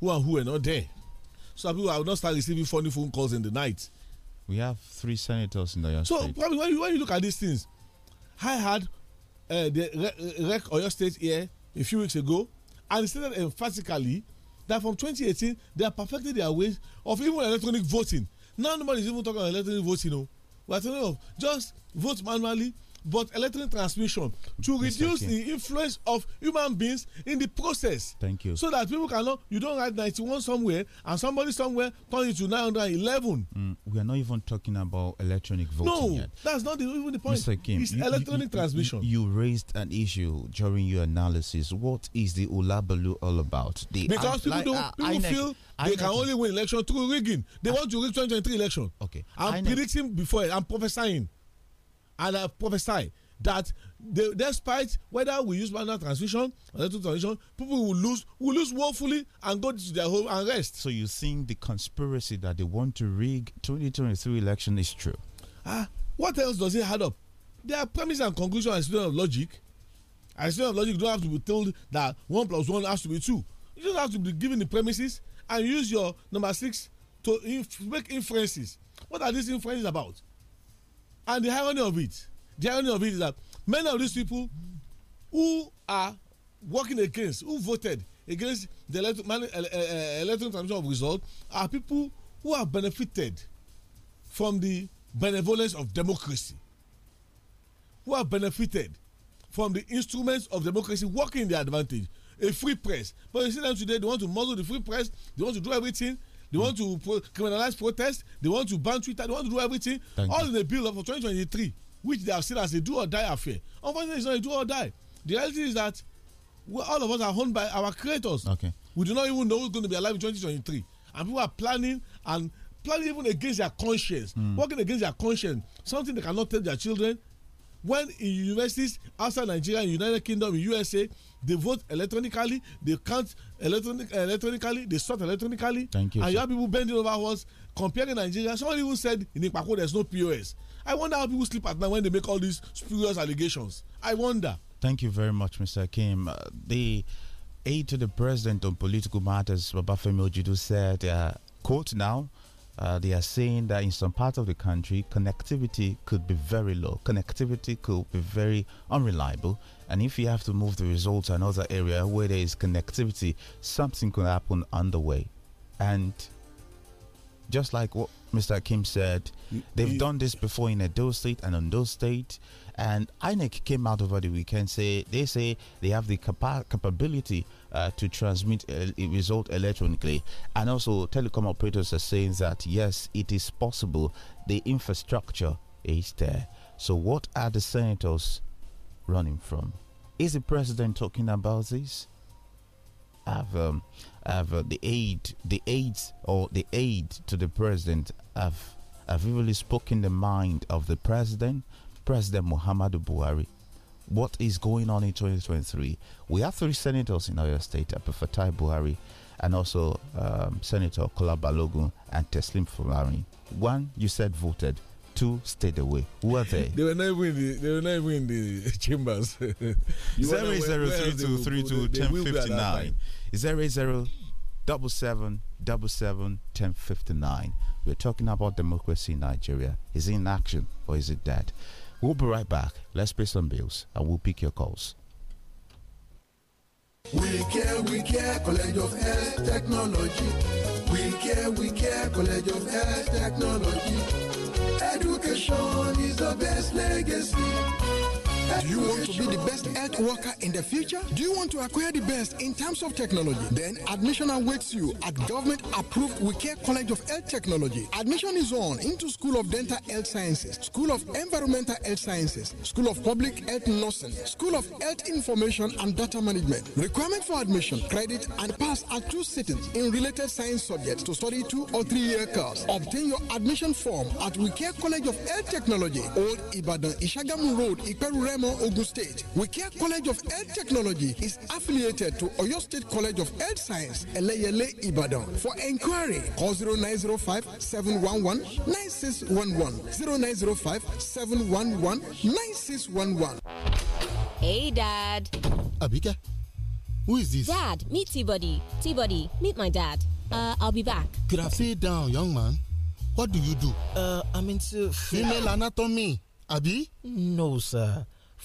who and who are not there. So people will not start receiving funny phone calls in the night. We have three senators in the So state. So, when, you, when you look at these things, I had uh, the uh, REC Oyo State here a few weeks ago and stated emphatically that from 2018 they have perfected their ways of even electronic voting. Now nobody is even talking about electronic voting. You oh. know. We are talking of just vote manually but electronic transmission to reduce the influence of human beings in the process. Thank you. So that people cannot, you don't write 91 somewhere and somebody somewhere turns it to 911. Mm, we are not even talking about electronic voting no, yet. that's not the, even the point. Mr. it's you, electronic you, transmission. You, you, raised an issue during your analysis. What is the Ulabalu all about? The because people, like, don't, people feel they can only win election through rigging. They want to rig 2023 election. Okay. I'm predicting before, I'm prophesying and i prophesy that despite whether we use manual transmission or electric transmission people will lose will lose woefully and go to their home and rest. so you think the conspiracy that they want to rig 2023 election is true. ah what else does it add up their premise and conclusion and still of logic and still of logic don't have to be told that one plus one has to be two you just have to be given the premises and use your number six to inf make inferences what are these inferences about And the irony of it, the irony of it is that many of these people who are working against, who voted against the uh, uh, uh, electoral election transmission of result, are people who have benefited from the benevolence of democracy, who have benefited from the instruments of democracy working in their advantage a free press but you see them today they want to muzzle the free press they want to do everything They want to pro criminalize protest. They want to ban Twitter. They want to do everything. Thank all you. in the bill for 2023, which they have seen as a do or die affair. Unfortunately, it's not a do or die. The reality is that all of us are owned by our creators. Okay. We do not even know who's going to be alive in 2023. And people are planning and planning even against their conscience, mm. working against their conscience, something they cannot tell their children. When in universities outside Nigeria, United Kingdom, in USA, they vote electronically. They count electronic, electronically. They sort electronically. Thank you. And sir. you have people bending over us comparing Nigeria. Somebody even said in Ipako there's no POS. I wonder how people sleep at night when they make all these spurious allegations. I wonder. Thank you very much, Mr. Kim. Uh, the aide to the president on political matters, Babafemi Ojudu, said, uh, quote now, uh, they are saying that in some parts of the country, connectivity could be very low. Connectivity could be very unreliable and if you have to move the result to another area where there is connectivity, something could happen on the way. And just like what Mr. Kim said, they've done this before in a Edo State and Ondo State. And INEC came out over the weekend say they say they have the capa capability uh, to transmit a, uh, a result electronically. And also, telecom operators are saying that yes, it is possible. The infrastructure is there. So, what are the senators running from. Is the president talking about this? Have um, have uh, the aid, the aid, or the aid to the president have have really spoken the mind of the president, President Muhammadu Buhari. What is going on in 2023? We have three senators in our State: Abufatai Buhari, and also um, Senator Kola Balogun and Teslim Fulani. One you said voted, two stayed away. Who are they? They were not even in the, they were not even in the chambers. zero zero three two three two ten fifty nine. Zero zero double seven double seven ten fifty nine. We're talking about democracy in Nigeria. Is it in action or is it dead? We'll be right back. Let's pay some bills and we'll pick your calls. We care, we care, College of Health Technology. We care, we care, College of Health Technology. Education is the best legacy. Do you want to be the best health worker in the future? Do you want to acquire the best in terms of technology? Then admission awaits you at government approved Wicare College of Health Technology. Admission is on into School of Dental Health Sciences, School of Environmental Health Sciences, School of Public Health Nursing, School of Health Information and Data Management. Requirement for admission, credit, and pass are two sittings in related science subjects to study two or three year course. Obtain your admission form at Wicare College of Health Technology, Old Ibadan, Ishagamu Road, Iperu Emo, Ogun State. Wikia College of Health Technology is affiliated to Oyo State College of Health Science, Eleyele, Ibadan. For inquiry, call 0905 711 9611. 0905 711 9611. Hey, Dad. Abika, who is this? Dad, meet T-Buddy. T-Buddy, meet my dad. Uh, I'll be back. Could I sit down, young man? What do you do? Uh, I'm into female anatomy. Abi? No, sir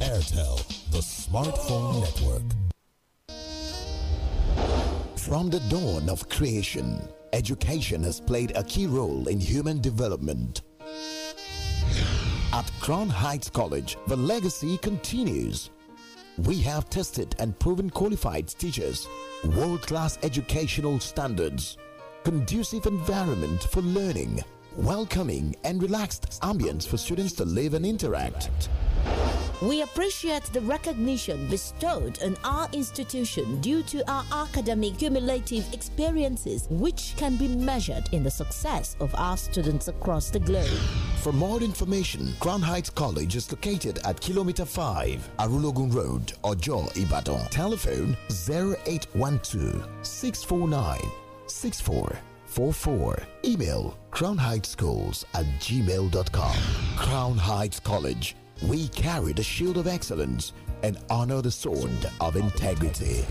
Airtel, the smartphone network. From the dawn of creation, education has played a key role in human development. At Crown Heights College, the legacy continues. We have tested and proven qualified teachers, world class educational standards, conducive environment for learning, welcoming and relaxed ambience for students to live and interact. We appreciate the recognition bestowed on our institution due to our academic cumulative experiences, which can be measured in the success of our students across the globe. For more information, Crown Heights College is located at Kilometer 5, Arulogun Road, Ojo, Ibadan. Telephone 0812 649 6444. Email crownheightschools at gmail.com. Crown Heights College we carry the shield of excellence and honor the sword of integrity.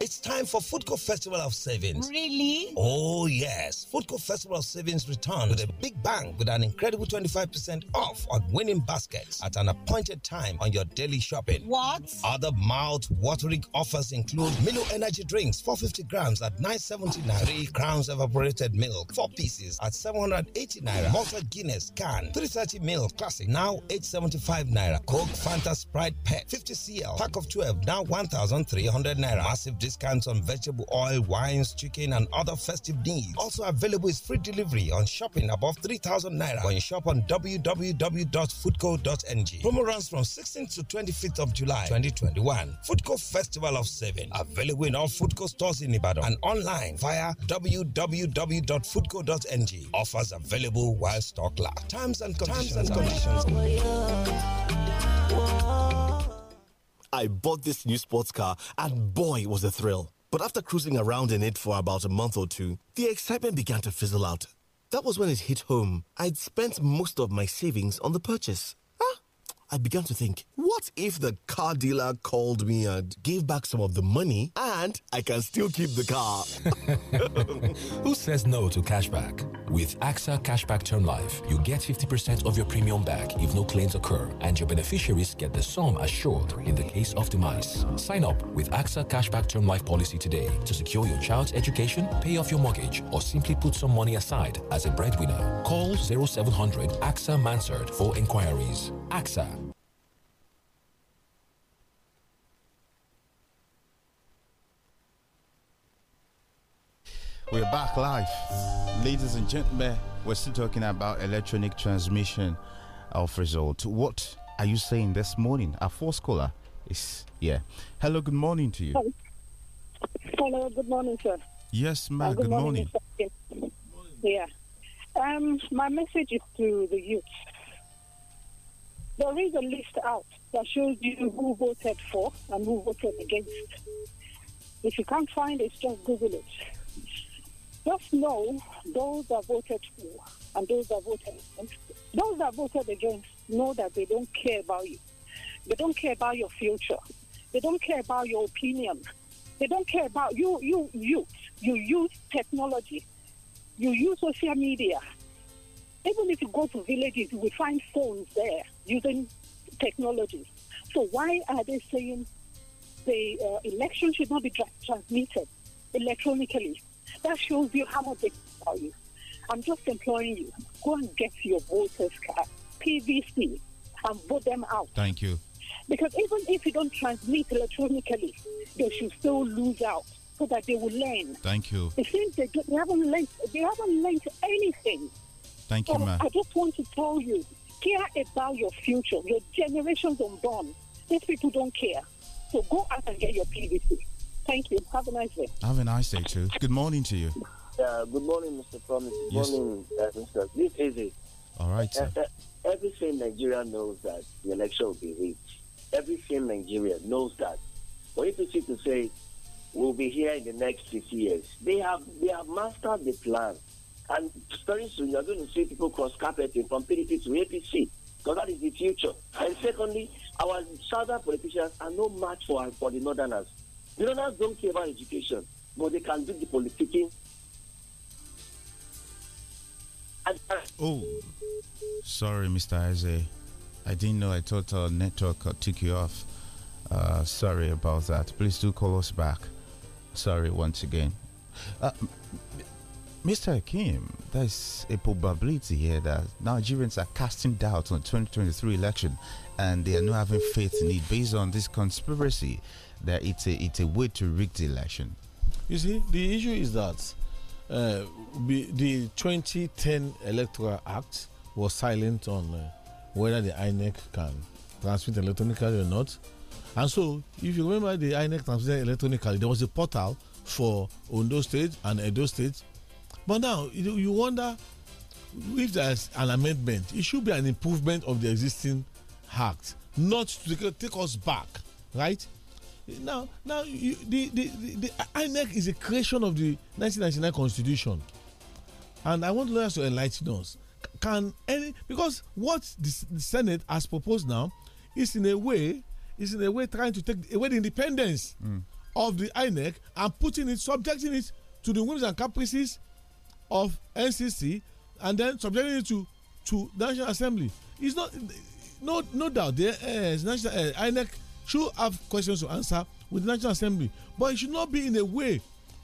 It's time for Foodco Festival of Savings. Really? Oh, yes. Foodco Festival of Savings returns with a big bang with an incredible 25% off on winning baskets at an appointed time on your daily shopping. What? Other mouth-watering offers include Milo Energy Drinks, 450 grams at 979. 3 crowns evaporated milk, 4 pieces at 780 naira. Malta Guinness can, 330 ml classic, now 875 naira. Coke Fanta Sprite Pet, 50 cl, pack of 12, now 1,300 naira massive discounts on vegetable oil, wines, chicken, and other festive needs. Also available is free delivery on shopping above 3,000 naira when you shop on www.foodco.ng. Promo runs from 16th to 25th of July 2021. Foodco Festival of Seven Available in all Foodco stores in Ibadan and online via www.foodco.ng. Offers available while stock lasts. Terms and conditions. Terms and conditions. I bought this new sports car, and boy, was a thrill. But after cruising around in it for about a month or two, the excitement began to fizzle out. That was when it hit home. I'd spent most of my savings on the purchase. I began to think, what if the car dealer called me and gave back some of the money and I can still keep the car? Who says no to cashback? With AXA Cashback Term Life, you get 50% of your premium back if no claims occur, and your beneficiaries get the sum assured in the case of demise. Sign up with AXA Cashback Term Life policy today to secure your child's education, pay off your mortgage, or simply put some money aside as a breadwinner. Call 0700 AXA Mansard for inquiries. AXA We're back live. Ladies and gentlemen, we're still talking about electronic transmission of results. What are you saying this morning? Our four caller is yeah. Hello, good morning to you. Hello, good morning, sir. Yes, uh, ma'am. Good, good, morning. morning. Yeah. Um, my message is to the youth. There is a list out that shows you who voted for and who voted against. If you can't find it, just Google it just know those that voted for and those that voted against, those that voted against know that they don't care about you. They don't care about your future. They don't care about your opinion. They don't care about you, you, you. You use technology. You use social media. Even if you go to villages, you will find phones there using technology. So why are they saying the uh, election should not be transmitted electronically? That shows you how much they for you. I'm just imploring you, go and get your voters card, PVC, and vote them out. Thank you. Because even if you don't transmit electronically, they should still lose out so that they will learn. Thank you. It seems they, they haven't learned. They haven't learned anything. Thank so you, ma'am. I just want to tell you, care about your future, your generations unborn. These people don't care. So go out and get your PVC. Thank you. Have a nice day. Have a nice day too. Good morning to you. Uh, good morning, Mr. Promise. Good yes. morning, uh, Mr. This is it. All right. Uh, uh, everything Nigeria knows that the election will be rigged. Everything Nigeria knows that. For APC to say we'll be here in the next six years, they have they have mastered the plan. And very soon you're going to see people cross carpeting from PDP to APC because that is the future. And secondly, our southern politicians are no match for for the northerners Northerners don't care about education, but they can do the politicking. Uh, oh, sorry, Mr. Isaiah. I didn't know. I thought our network took you off. Uh, sorry about that. Please do call us back. Sorry once again. Uh, Mr. Kim, there's a probability here that Nigerians are casting doubt on 2023 election and they are not having faith in it based on this conspiracy that it's a it's a way to rig the election. You see, the issue is that uh, the 2010 Electoral Act was silent on uh, whether the INEC can transmit electronically or not. And so, if you remember the INEC transmitted electronically, there was a portal for Ondo State and Edo State. But now you wonder if there's an amendment, it should be an improvement of the existing act, not to take us back, right? now now you, the, the the the INEC is a creation of the 1999 constitution and i want lawyers to enlighten us can any because what the, the senate has proposed now is in a way is in a way trying to take away the independence mm. of the INEC and putting it subjecting it to the whims and caprices of NCC and then subjecting it to to National Assembly. It's not no no doubt the uh, eh, National uh, INEC should have questions to answer with the National Assembly, but it should not be in a way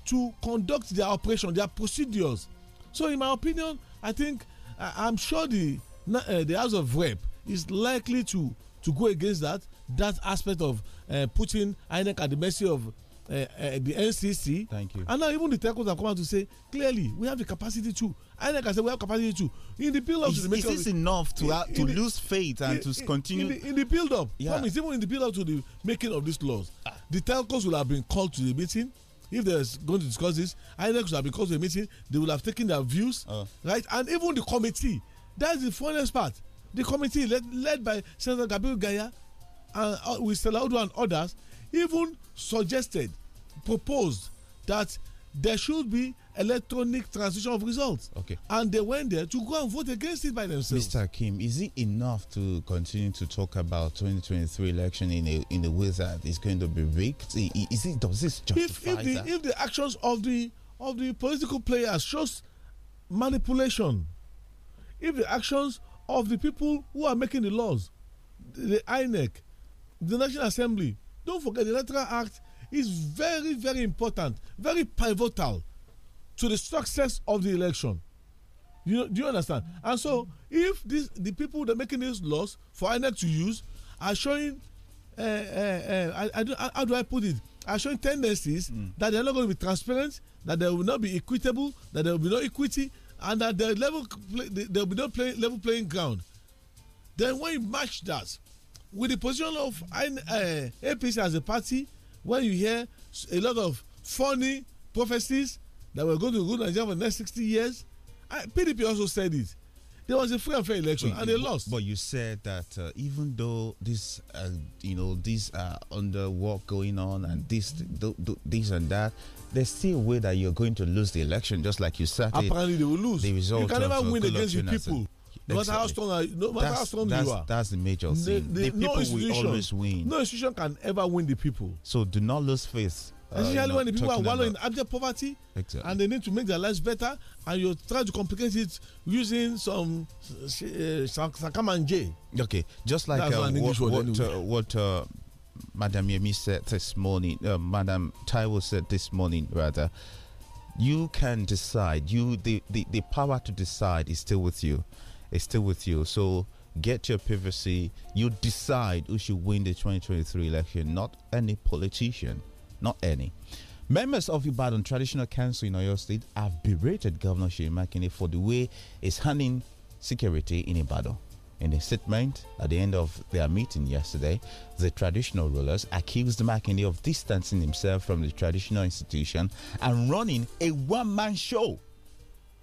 to conduct their operation, their procedures. So, in my opinion, I think uh, I'm sure the uh, the House of Rep is likely to to go against that that aspect of uh, putting INEC at the mercy of uh, uh, the NCC. Thank you. And now even the telcos have come out to say clearly we have the capacity to. And like I said, we have capacity to. In the build up is, to the is this enough to in, to lose the, faith and in, to continue? In the, in the, build up, yeah. That even in the build up to the making of these laws, ah. the telcos will have been called to the meeting. If they're going to discuss this, I will have been called to meeting. They will have taken their views, uh. right? And even the committee. That's the funniest part. The committee led, led by Senator Gabriel Gaya and uh, uh, with Selaudwa and others, even suggested, proposed that there should be electronic transmission of results. Okay. And they went there to go and vote against it by themselves. Mr. Kim, is it enough to continue to talk about 2023 election in a in a way it's going to be rigged? Is it does this justify if, if the, that? If the actions of the of the political players shows manipulation, if the actions of the people who are making the laws, the INEC, the National Assembly, don't forget the Electoral Act is very, very important, very pivotal to the success of the election. You know, do you understand? And so, if this, the people that are making these laws for INEC to use are showing, uh, uh, uh, I, I do, how do I put it? Are showing tendencies mm. that they're not going to be transparent, that they will not be equitable, that there will be no equity, and that there, will be no play, level playing ground. Then, when you match that with the position of uh, eh, APC as a party, when you hear a lot of funny prophecies that we're going to to Nigeria for the next 60 years, I, PDP also said it. There was a free and fair election, Wait, and they but, lost. But you said that uh, even though this, uh, you know, this uh, under work going on and this, do, do, this and that, there's still a way that you're going to lose the election, just like you said. Apparently, it, they will lose. The result you can never win against your people. No matter how strong, are, no matter how strong you are, that's the major thing. The, the, the people no will always win. No institution can ever win the people. So do not lose faith. Uh, Especially when the people are wallowing in abject poverty exactly. and they need to make their lives better, and you try to complicate it using some uh, sakamanje. Okay, just like uh, what, what, uh, what uh, Madam Yemi said this morning, uh, Madam Taiwo said this morning, rather you can decide you the, the the power to decide is still with you is still with you. So get your privacy. You decide who should win the 2023 election, not any politician, not any. Members of Ibadan Traditional Council in Oyo State have berated Governor Shemakine for the way he's handling security in Ibadan. In a statement at the end of their meeting yesterday, the traditional rulers accused Makinde of distancing himself from the traditional institution and running a one man show.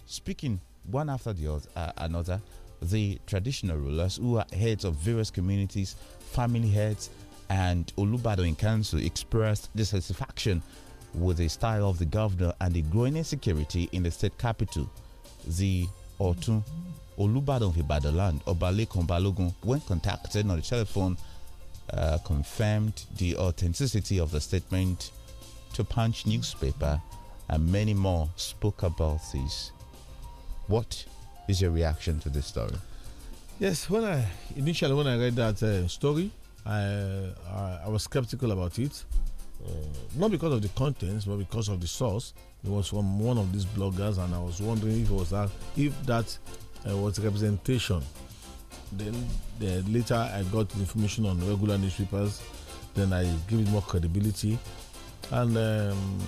Speaking one after the other, uh, another, the traditional rulers who are heads of various communities, family heads, and Olubado in council expressed dissatisfaction with the style of the governor and the growing insecurity in the state capital, the Otun. Olubadon Ibadan, Obalekon Balogun, when contacted on the telephone, uh, confirmed the authenticity of the statement to Punch newspaper, and many more spoke about this. What is your reaction to this story? Yes, when I initially when I read that uh, story, I, I, uh, I was skeptical about it, uh, not because of the contents, but because of the source. It was from one of these bloggers, and I was wondering if was that if that uh, was representation. Then, then uh, later I got information on regular newspapers. Then I give it more credibility, and um,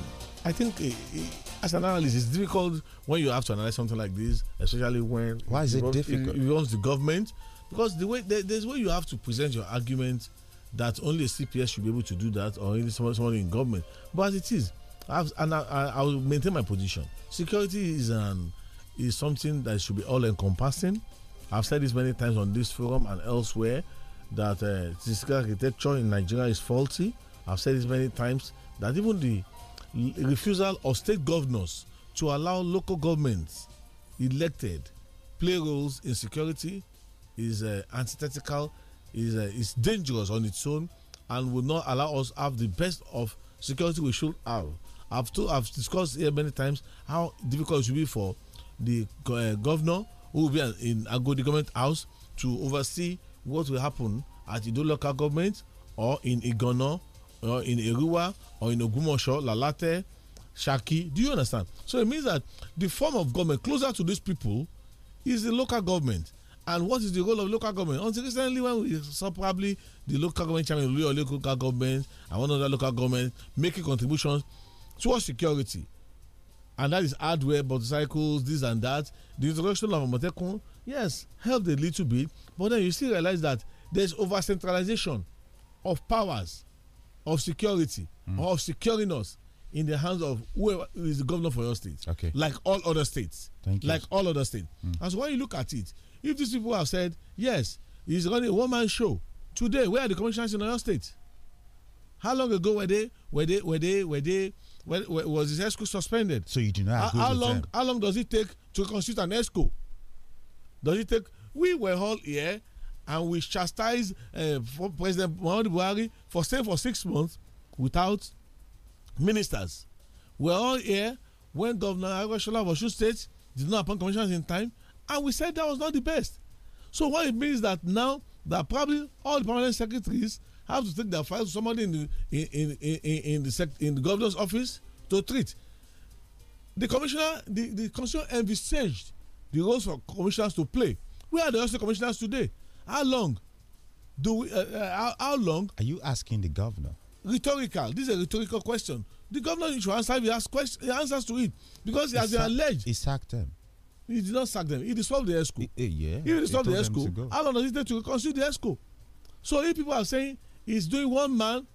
I think. It, it, as an analyst, it's difficult when you have to analyze something like this, especially when why is it difficult? It involves the government because the way there, there's way you have to present your argument that only a CPS should be able to do that or only someone, someone in government. But as it is, I've, and I, will maintain my position. Security is an is something that should be all encompassing. I've said this many times on this forum and elsewhere that uh, architecture in Nigeria is faulty. I've said this many times that even the refusal of state governors to allow local governments elected play roles in security is uh, antithetical, is uh, is dangerous on its own, and will not allow us have the best of security we should have. I've to, I've discussed here many times how difficult it should be for the uh, governor who will be in Agodi government house to oversee what will happen at the local government or in Igono uh, in Eruwa or in Ogumosho, Lalate, Shaki. Do you understand? So it means that the form of government closer to these people is the local government. And what is the role of local government? Until recently, when we saw probably the local government chairman, the local government, and one other local government making contributions towards security. And that is hardware, motorcycles, this and that. The introduction of Motekun, yes, helped a little bit, but then you still realize that there's over centralization of powers of security mm. or of securing us in the hands of whoever is the governor for your state. Okay. Like all other states. Thank like you. all other states. Mm. when you look at it, if these people have said, yes, he's running a one man show, today, where are the commissioners in your state? How long ago were they were they were they were they were, were, was his ESCO suspended? So you do not how, how long them. how long does it take to constitute an ESCO? Does it take we were all here and we chastise uh, President Muhammadu Buhari for staying for six months without ministers. We're all here when Governor Agbashola of Osun State did not appoint commissioners in time, and we said that was not the best. So what it means that now that probably all the permanent secretaries have to take their files to somebody in the in in in, in the sec, in the governor's office to treat. The commissioner, the the commissioner envisaged the roles for commissioners to play. Where are the other commissioners today? How long do we, uh, uh, how, how long? Are you asking the governor? Rhetorical. This is a rhetorical question. The governor should answer. He has questions. He answers to it because he, has been alleged. He sacked them. He did not sack them. He dissolved the ESCO. Eh, eh, yeah. he dissolved the ESCO, how long does it take to reconstitute the ESCO? So if people are saying he's doing one man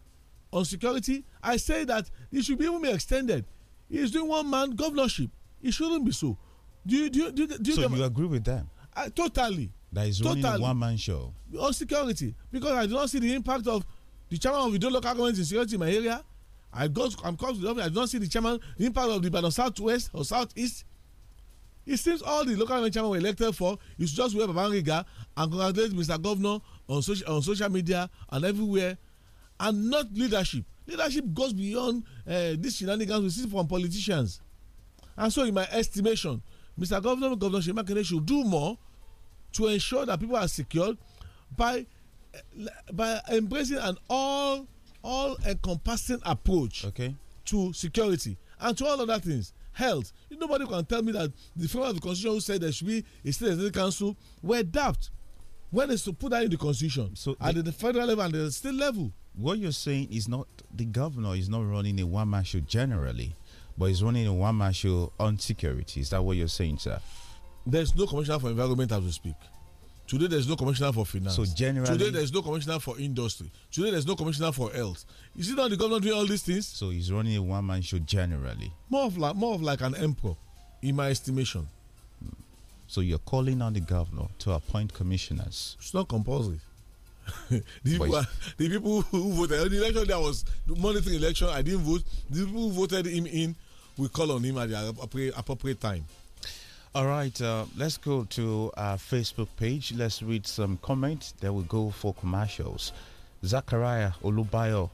on security, I say that it should be even be extended. He's doing one man governorship. It shouldn't be so. Do you do you do, you, do you so you agree with them? I, totally. That is running total, one man show. On security because I do not see the impact of the chairman of the local government in security in my area. I go. I'm come to the office. I do not see the chairman the impact of the Ibadan Southwest or Southeast. It seems all the local government chairman were elected for is just wear Babangida and congratulate Mr. Governor on social on social media and everywhere, and not leadership. Leadership goes beyond uh, these shenanigans we see from politicians. And so, in my estimation, Mr. Governor Governor Shemakere should do more to ensure that people are secured by eh, by embracing an all all encompassing approach okay. to security and to all other things health nobody can tell me that the framework of the constitution who said there should be a state executive council were daft when they put that in the constitution so at the, the federal level and the state level what you're saying is not the governor is not running a one-man show generally but he's running a one-man show on security is that what you're saying sir there's no commissioner for environment as we speak. Today there's no commissioner for finance. So generally, today there's no commissioner for industry. Today there's no commissioner for health. Is it not the governor doing all these things? So he's running a one man show generally. More of like more of like an emperor, in my estimation. So you're calling on the governor to appoint commissioners. It's not compulsory. the, people, the people who voted the election that was the monitoring election, I didn't vote. The people who voted him in, we call on him at the appropriate time. All right, uh, let's go to our Facebook page. Let's read some comments. Then we'll go for commercials. Zachariah Olubayo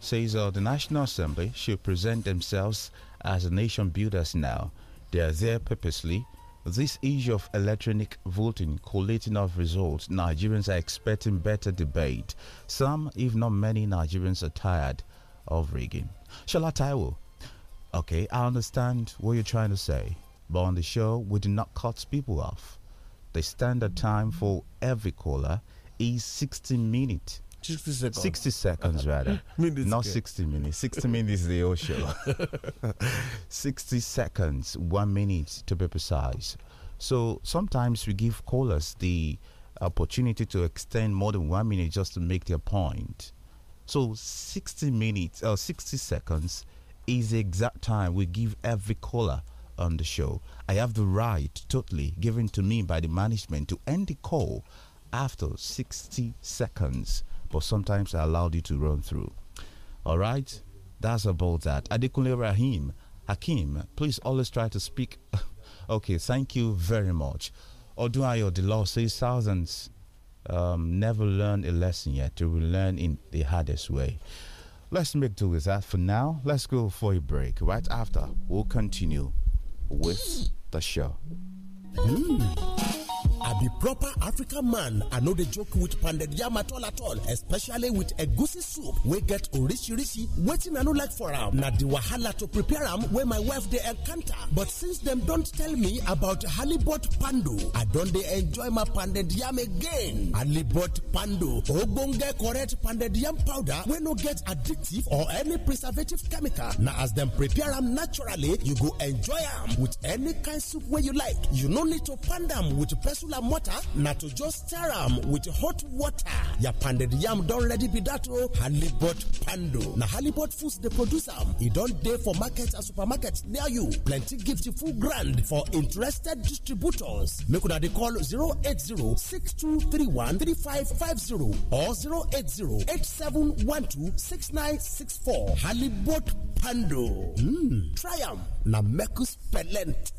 says uh, the National Assembly should present themselves as nation builders now. They are there purposely. This issue of electronic voting, collating of results, Nigerians are expecting better debate. Some, if not many, Nigerians are tired of rigging. Shala Taiwo, okay, I understand what you're trying to say. But on the show, we do not cut people off. The standard time for every caller is 60 minutes. 60 seconds. 60 seconds, rather. minutes Not again. 60 minutes. 60 minutes is the old show. 60 seconds, one minute to be precise. So sometimes we give callers the opportunity to extend more than one minute just to make their point. So 60 minutes or uh, 60 seconds is the exact time we give every caller on the show. I have the right, totally given to me by the management, to end the call after 60 seconds, but sometimes I allowed you to run through. All right, that's about that. Adekunle Rahim, Hakim, please always try to speak. okay, thank you very much. Odunayo, the law says thousands um, never learn a lesson yet. They will learn in the hardest way. Let's make do with that for now. Let's go for a break. Right after, we'll continue with the show. Mm. I be proper African man. I know the joke with pounded yam at all at all, especially with egusi soup we get orishirishi. waiting. I no like for am na the wahala to prepare am where my wife dey encounter. But since them don't tell me about halibut pando, I don dey enjoy my pounded yam again. Halibut pando, ogbonge correct pounded yam powder We no get addictive or any preservative chemical. Na as them prepare am naturally, you go enjoy am with any kind soup where you like. You no need to pound am with pestle cooler mortar na to just stir am with hot water. Ya pounded yam don't ready be that o. Oh. Halibut pando na Halibut Foods the producer. He don't dey for markets and supermarkets near you. Plenty gift full grand for interested distributors. Make una dey call 080-6231-3550 or 080-8712-6964. Halibut pando. Mm, try am na Mekus Pelent.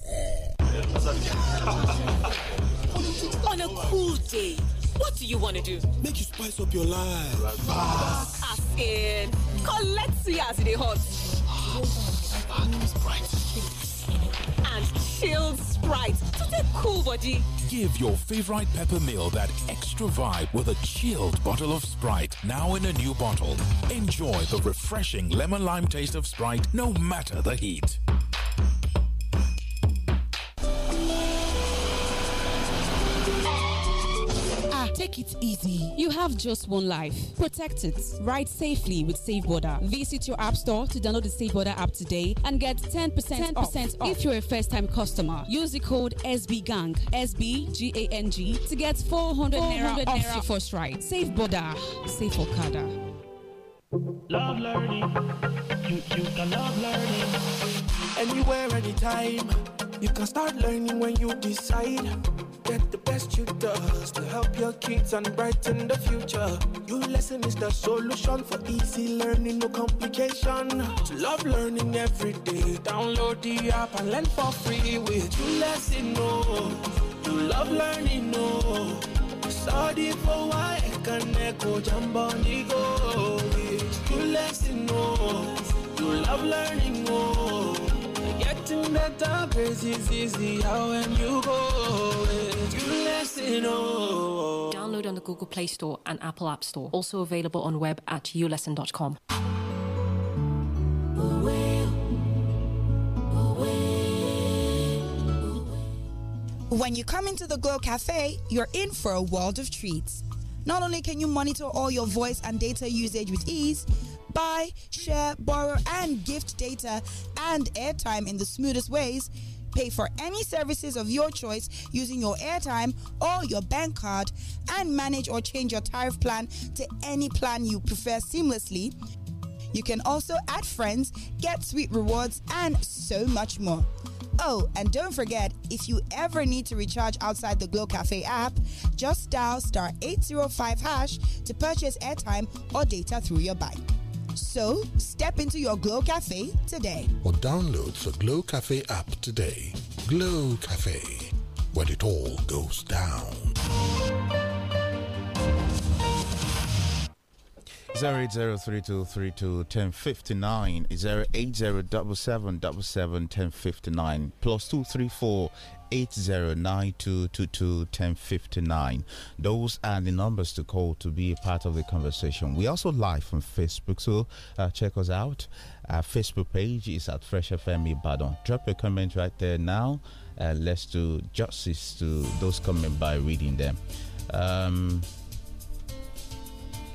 On a cool day, what do you want to do? Make you spice up your life. Ravas. Ah, as in, collect see as they hot. And chilled Sprite to the cool body. Give your favorite pepper meal that extra vibe with a chilled bottle of Sprite now in a new bottle. Enjoy the refreshing lemon lime taste of Sprite no matter the heat. Take it easy. You have just one life. Protect it. Ride safely with Safe Border. Visit your app store to download the Safe Border app today and get 10%, 10% off. off. if you're a first time customer. Use the code SBGANG, SBGANG, to get 400, 400 naira off naira. your first ride. Safe Border. Okada. Love learning. You, you can love learning. Anywhere, anytime. You can start learning when you decide get the best you does to help your kids and brighten the future. Your lesson is the solution for easy learning, no complication. To love learning every day. Download the app and learn for free with your lesson. Oh, you love learning. Oh, study for why I can echo the go. Your lesson. Oh, you love learning. Oh. Getting better, grades is easy how when you go away. Download on the Google Play Store and Apple App Store. Also available on web at ulesson.com. When you come into the Glow Cafe, you're in for a world of treats. Not only can you monitor all your voice and data usage with ease, buy, share, borrow, and gift data and airtime in the smoothest ways pay for any services of your choice using your airtime or your bank card and manage or change your tariff plan to any plan you prefer seamlessly. You can also add friends, get sweet rewards, and so much more. Oh, and don't forget, if you ever need to recharge outside the Glow Cafe app, just dial star 805 hash to purchase airtime or data through your bike. So, step into your Glow Cafe today. Or download the Glow Cafe app today. Glow Cafe, where it all goes down. 08032321059 08077771059 plus 234 08092221059. Those are the numbers to call to be a part of the conversation. We also live on Facebook, so uh, check us out. Our Facebook page is at Fresh FM Ibadan. Drop your comment right there now. and let's do justice to those comments by reading them. Um,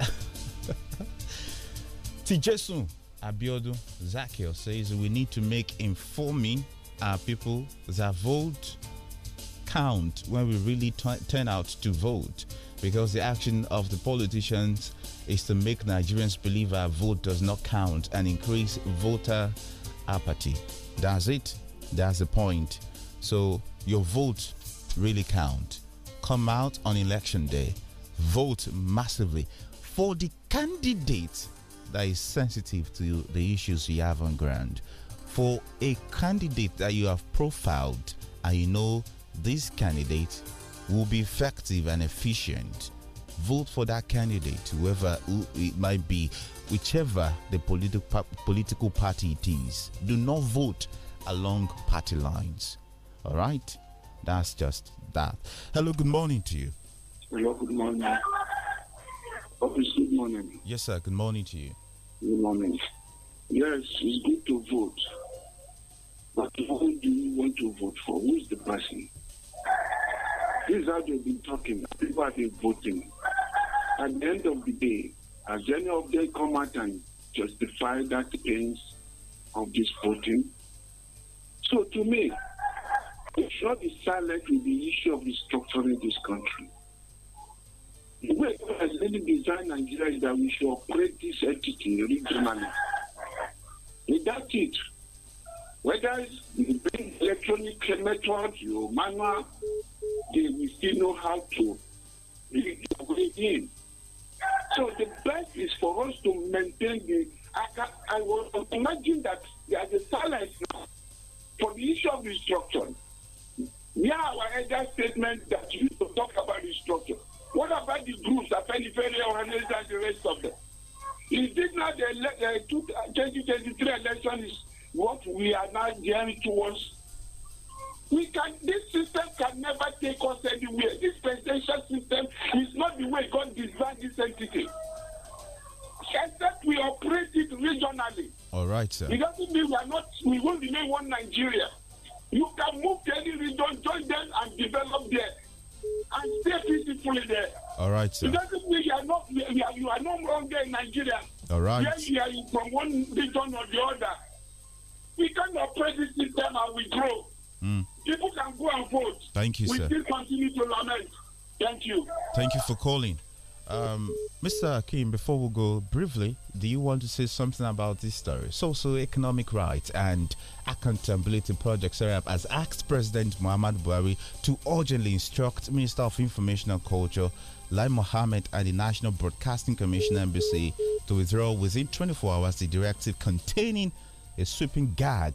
Tijesun Abiodu Zakio says we need to make informing our people, their vote count when we really turn out to vote because the action of the politicians is to make Nigerians believe our vote does not count and increase voter apathy. That's it. That's the point. So your vote really count. Come out on election day. Vote massively for the candidate that is sensitive to the issues you have on ground for a candidate that you have profiled and you know this candidate will be effective and efficient vote for that candidate whoever who it might be whichever the political political party it is do not vote along party lines all right that's just that hello good morning to you hello good morning good morning yes sir good morning to you good morning yes it's good to vote but who do you want to vote for? Who's the person? This is how they've been talking. People have been voting. At the end of the day, has any of them come out and justify that ends of this voting? So to me, it should be silent with the issue of restructuring this country. The way has any designed Nigeria is that we should operate this entity regionally. Without it, whether it's being electronic method, your manual, they will still know how to lead their way in. So the best is for us to maintain the. I, can, I will imagine that there's a silence now for the issue of restructuring. Yeah, our elder statement that you to talk about restructuring. What about the groups, that Afenifere, Ohanes, and the rest of them? Is this not the, the 2023 election is what we are now gearing towards. We can this system can never take us anywhere. This presidential system is not the way God designed this entity. Except we operate it regionally. All right, sir. It doesn't mean we are not we won't remain one Nigeria. You can move to any region, join them and develop there and stay peacefully there. All right, sir. It doesn't mean you are not you are, you are no longer in Nigeria. All right. Yes, you are from one region or the other. We can't operate this system and withdraw. Mm. People can go and vote. Thank you, we sir. We still continue to lament. Thank you. Thank you for calling. Um, Mr. Akim, before we go briefly, do you want to say something about this story? Social economic rights and accountability project SERAP has asked President Muhammad Buhari to urgently instruct Minister of Information and Culture Lai Mohammed and the National Broadcasting Commission NBC to withdraw within 24 hours the directive containing a sweeping gag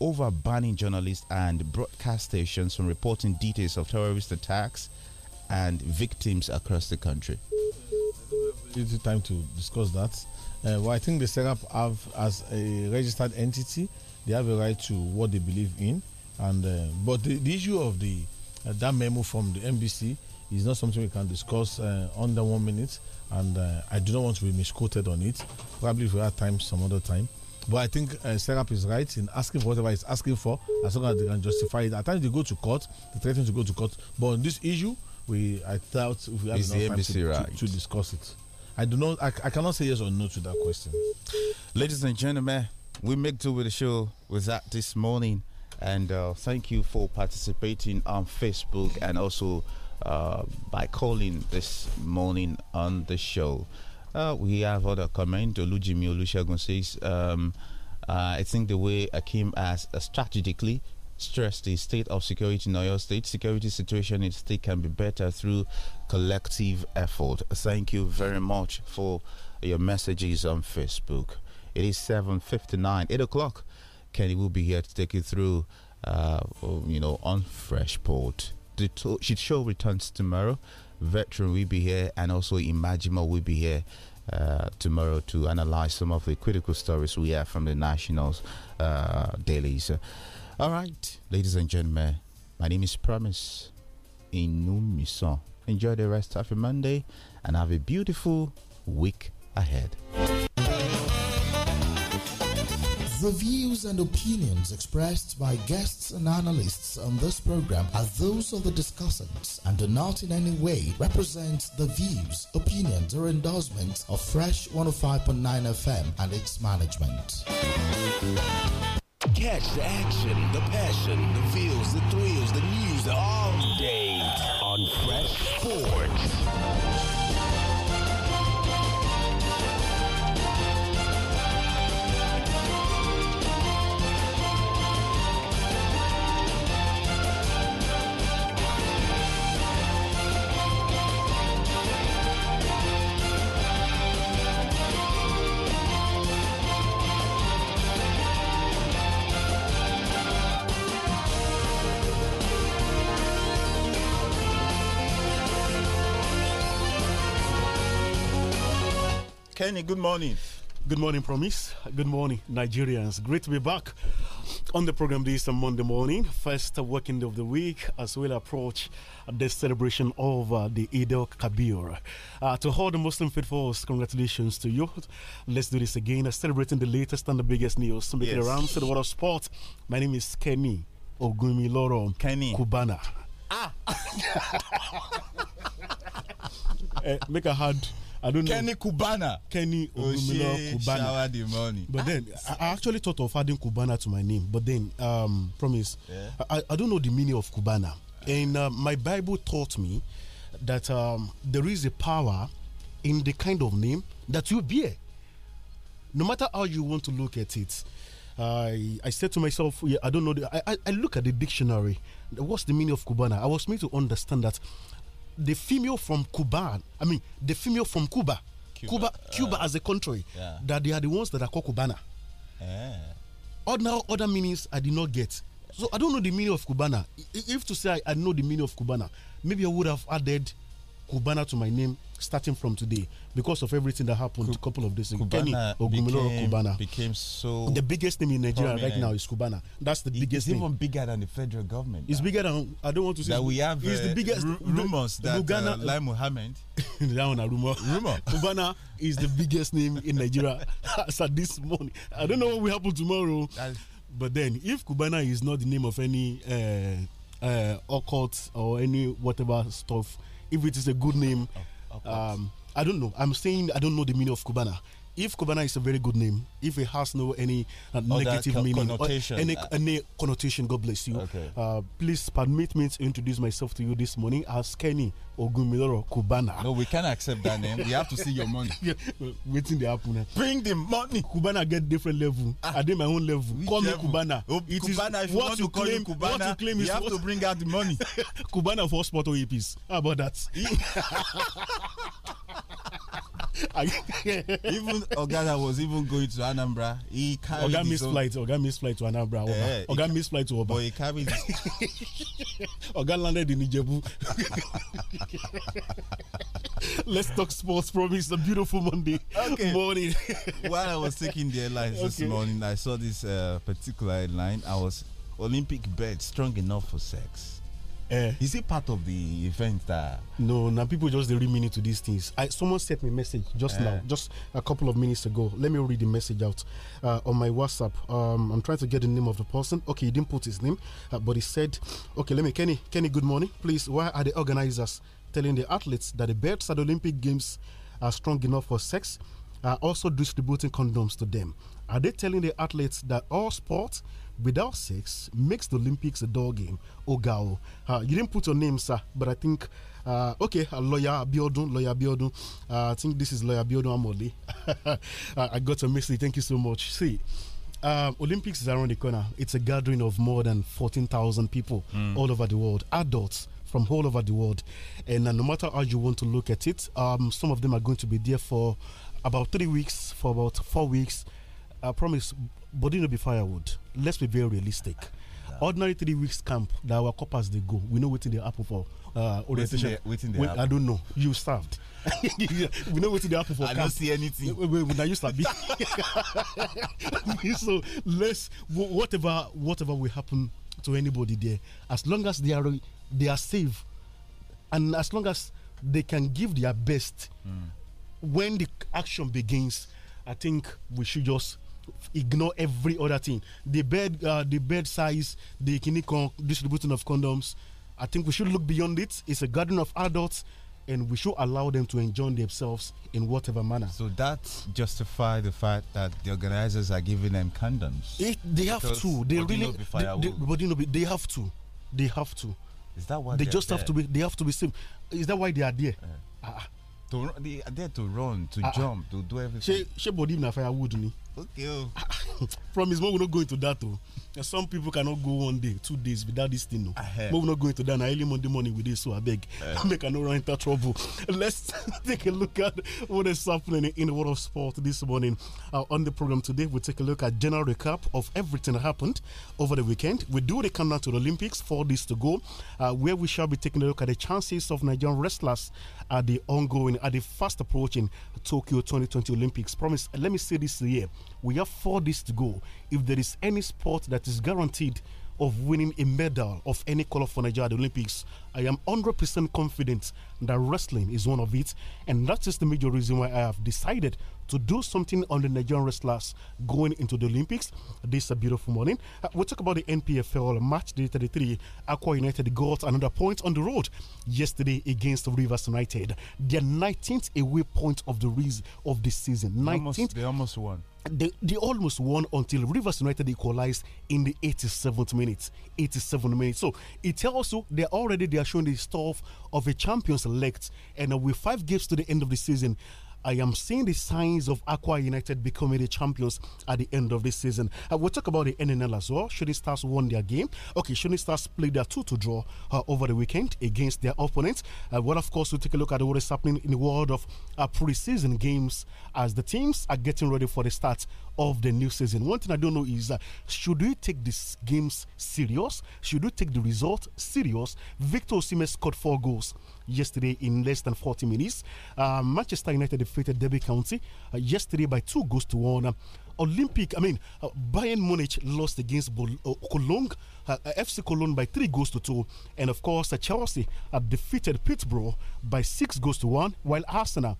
over banning journalists and broadcast stations from reporting details of terrorist attacks and victims across the country. It's time to discuss that. Uh, well, I think the setup have, as a registered entity, they have a right to what they believe in. And uh, but the, the, issue of the uh, that memo from the NBC is not something we can discuss uh, under one minute. And uh, I do not want to be misquoted on it. Probably if we have time, some other time. But I think uh, Serap is right in asking for whatever he's asking for, as long as they can justify it. At times they go to court, they threaten to go to court. But on this issue, we I doubt we have is enough time to, right? to, to, discuss it. I do not. I, I cannot say yes or no to that question. Ladies and gentlemen, we make do with the show with that this morning, and uh, thank you for participating on Facebook and also uh, by calling this morning on the show. Uh, we have other comment. Olujimi Olushagun says, um, uh, I think the way Akim has uh, strategically stressed the state of security in Oyo State, security situation in state can be better through collective effort. Thank you very much for your messages on Facebook. It is 7.59, 8 o'clock. Kenny will be here to take you through, uh, you know, on Freshport. The show returns tomorrow. Veteran will be here, and also Imajima will be here. Uh, tomorrow to analyze some of the critical stories we have from the nationals uh, dailies. All right, ladies and gentlemen, my name is Promise Inumison. Enjoy the rest of your Monday and have a beautiful week ahead. The views and opinions expressed by guests and analysts on this program are those of the discussants and do not in any way represent the views, opinions, or endorsements of Fresh 105.9 FM and its management. Catch the action, the passion, the feels, the thrills, the news all day on Fresh Sports. Kenny, good morning. Good morning, Promise. Good morning, Nigerians. Great to be back on the program this Monday morning, first working day of the week, as we'll approach the celebration of uh, the Eid al Kabir. Uh, to all the Muslim faithfuls, congratulations to you. Let's do this again, uh, celebrating the latest and the biggest news, making yes. Around to the world of sport. My name is Kenny Loro Kenny Kubana. Ah! uh, make a hard. I don't Kenny know. Kubana. Kenny Ogumilo Kubana. Oh, Shower the money. But then ah. I, I, actually thought of adding Kubana to my name, but then um promise. Yeah. I, I don't know the meaning of Kubana. And uh, my Bible taught me that um, there is a power in the kind of name that you bear. No matter how you want to look at it, I I said to myself, yeah, I don't know. The, I, I look at the dictionary. What's the meaning of Cubana? I was made to understand that the female from Cuba, I mean, the female from Cuba, Cuba, Cuba, uh, as a country, yeah. that they are the ones that are called Cubana. Yeah. Other, other meanings I did not get. So I don't know the meaning of Cubana. If to say I, I know the meaning of Cubana, maybe I would have added Cubana to my name starting from today because of everything that happened a couple of days ago. Kenny Ogumiloro Kubana became so the biggest name in Nigeria prominent. right now is Kubana. That's the it biggest. It's even bigger than the federal government. It's now. bigger than I don't want to say that we have. It's uh, the biggest rumors that Lugana, uh, Lai Mohammed. that one a rumor. Rumor. Kubana is the biggest name in Nigeria as at this morning. I don't know what will happen tomorrow. That's but then, if Kubana is not the name of any uh, uh, occult or any whatever stuff, if it is a good name, um, I don't know. I'm saying I don't know the meaning of Cubana. If Cubana is a very good name, if it has no any uh, negative meaning connotation. or any, uh, any connotation, God bless you. Okay. Uh, please permit me to introduce myself to you this morning as Kenny Ogumiloro Cubana. No, we can't accept that name. we have to see your money. yeah, waiting the happen. Eh. Bring the money. Cubana get different level. Ah, I did my own level. Call level? me Cubana. Oh, it if you want to call claim, you what you claim you have to bring out the money. Cubana for sport or APs. How about that? even Oga that was even going to Anambra, he carried Oga missed flight. Oga missed flight to Anambra. Eh, Oga, uh, Oga missed flight to Oba. But he carried. Oga landed in Ijebu. Let's talk sports. Promise a beautiful Monday okay. morning. While I was taking the airlines okay. this morning, I saw this uh, particular headline. I was Olympic bed strong enough for sex. Eh. Is it part of the event that? No, now people just they read meaning to these things. I someone sent me a message just eh. now, just a couple of minutes ago. Let me read the message out uh, on my WhatsApp. Um, I'm trying to get the name of the person. Okay, he didn't put his name, uh, but he said, "Okay, let me Kenny, Kenny, good morning. Please, why are the organizers telling the athletes that the belts at the Olympic Games are strong enough for sex?" Are also distributing condoms to them. Are they telling the athletes that all sports without sex makes the Olympics a dog game. Ogao. Oh, uh, you didn't put your name, sir, but I think, uh, okay, uh, lawyer Biodun, lawyer Biodun. Uh, I think this is lawyer Biodun Amoli. Uh, I got a message. Thank you so much. See, um, Olympics is around the corner. It's a gathering of more than 14,000 people mm. all over the world, adults from all over the world. And uh, no matter how you want to look at it, um, some of them are going to be there for about three weeks, for about four weeks. I promise but it will be firewood. Let's be very realistic. Yeah. Ordinary three weeks camp that our coppers they go. We know what they apple for uh, orientation. Waiting the, waiting the I don't know. You served. we know waiting the apple for. I camp. don't see anything. We wait, now you serve. so let's whatever whatever will happen to anybody there, as long as they are they are safe, and as long as they can give their best mm. when the action begins. I think we should just ignore every other thing. The bed, uh, the bed size, the clinical distribution of condoms. I think we should look beyond it. It's a garden of adults, and we should allow them to enjoy themselves in whatever manner. So that justifies the fact that the organizers are giving them condoms. It, they have to. They really. but you know, they have to. They have to. Is that why they, just there? have to be? They have to be safe. Is that why they are there? Uh, uh, to, they are there to run, to uh, jump, to do everything. She, she body na firewood ni okay oh. promise we no go into that oh some people cannot go one day two days without this thing no oh. uh we no go into that na early monday morning we dey so abeg eh. make i no run into trouble let's take a look at what is happening in the world of sport this morning uh, on the program today we we'll take a look at general recap of everything that happened over the weekend we do the countdown to the olympics four days to go uh, where we shall be taking a look at the chances of nigerian wrestlers at the ongoing at the fast approaching tokyo 2020 olympics promise let me say this here we have four days to go. If there is any sport that is guaranteed of winning a medal of any color for Nigeria at the Olympics, I am 100% confident that wrestling is one of it. And that is the major reason why I have decided to do something on the Nigerian wrestlers going into the Olympics. This is a beautiful morning. Uh, we'll talk about the NPFL match day 33. Aqua United got another point on the road yesterday against Rivers United. Their 19th away point of the, of the season. 19th. They almost, they almost won they, they almost won until Rivers United equalized in the 87th minute. 87 minutes. So it tells you they're already they are showing the stuff of a champion select, and uh, with five games to the end of the season, I am seeing the signs of Aqua United becoming the champions at the end of this season. Uh, we'll talk about the NNL as well. Shooting Stars won their game. Okay, Shooting Stars played their 2 to draw uh, over the weekend against their opponents. Uh, well, of course, we'll take a look at what is happening in the world of uh, preseason games as the teams are getting ready for the start of the new season. One thing I don't know is uh, should we take these games serious? Should we take the result serious? Victor Osimhen scored four goals yesterday in less than 40 minutes. Uh, Manchester United defeated Derby County uh, yesterday by two goals to one. Olympic, I mean, uh, Bayern Munich lost against Bol uh, Cologne, uh, FC Cologne by three goals to two. And of course, uh, Chelsea defeated Pittsburgh by six goals to one, while Arsenal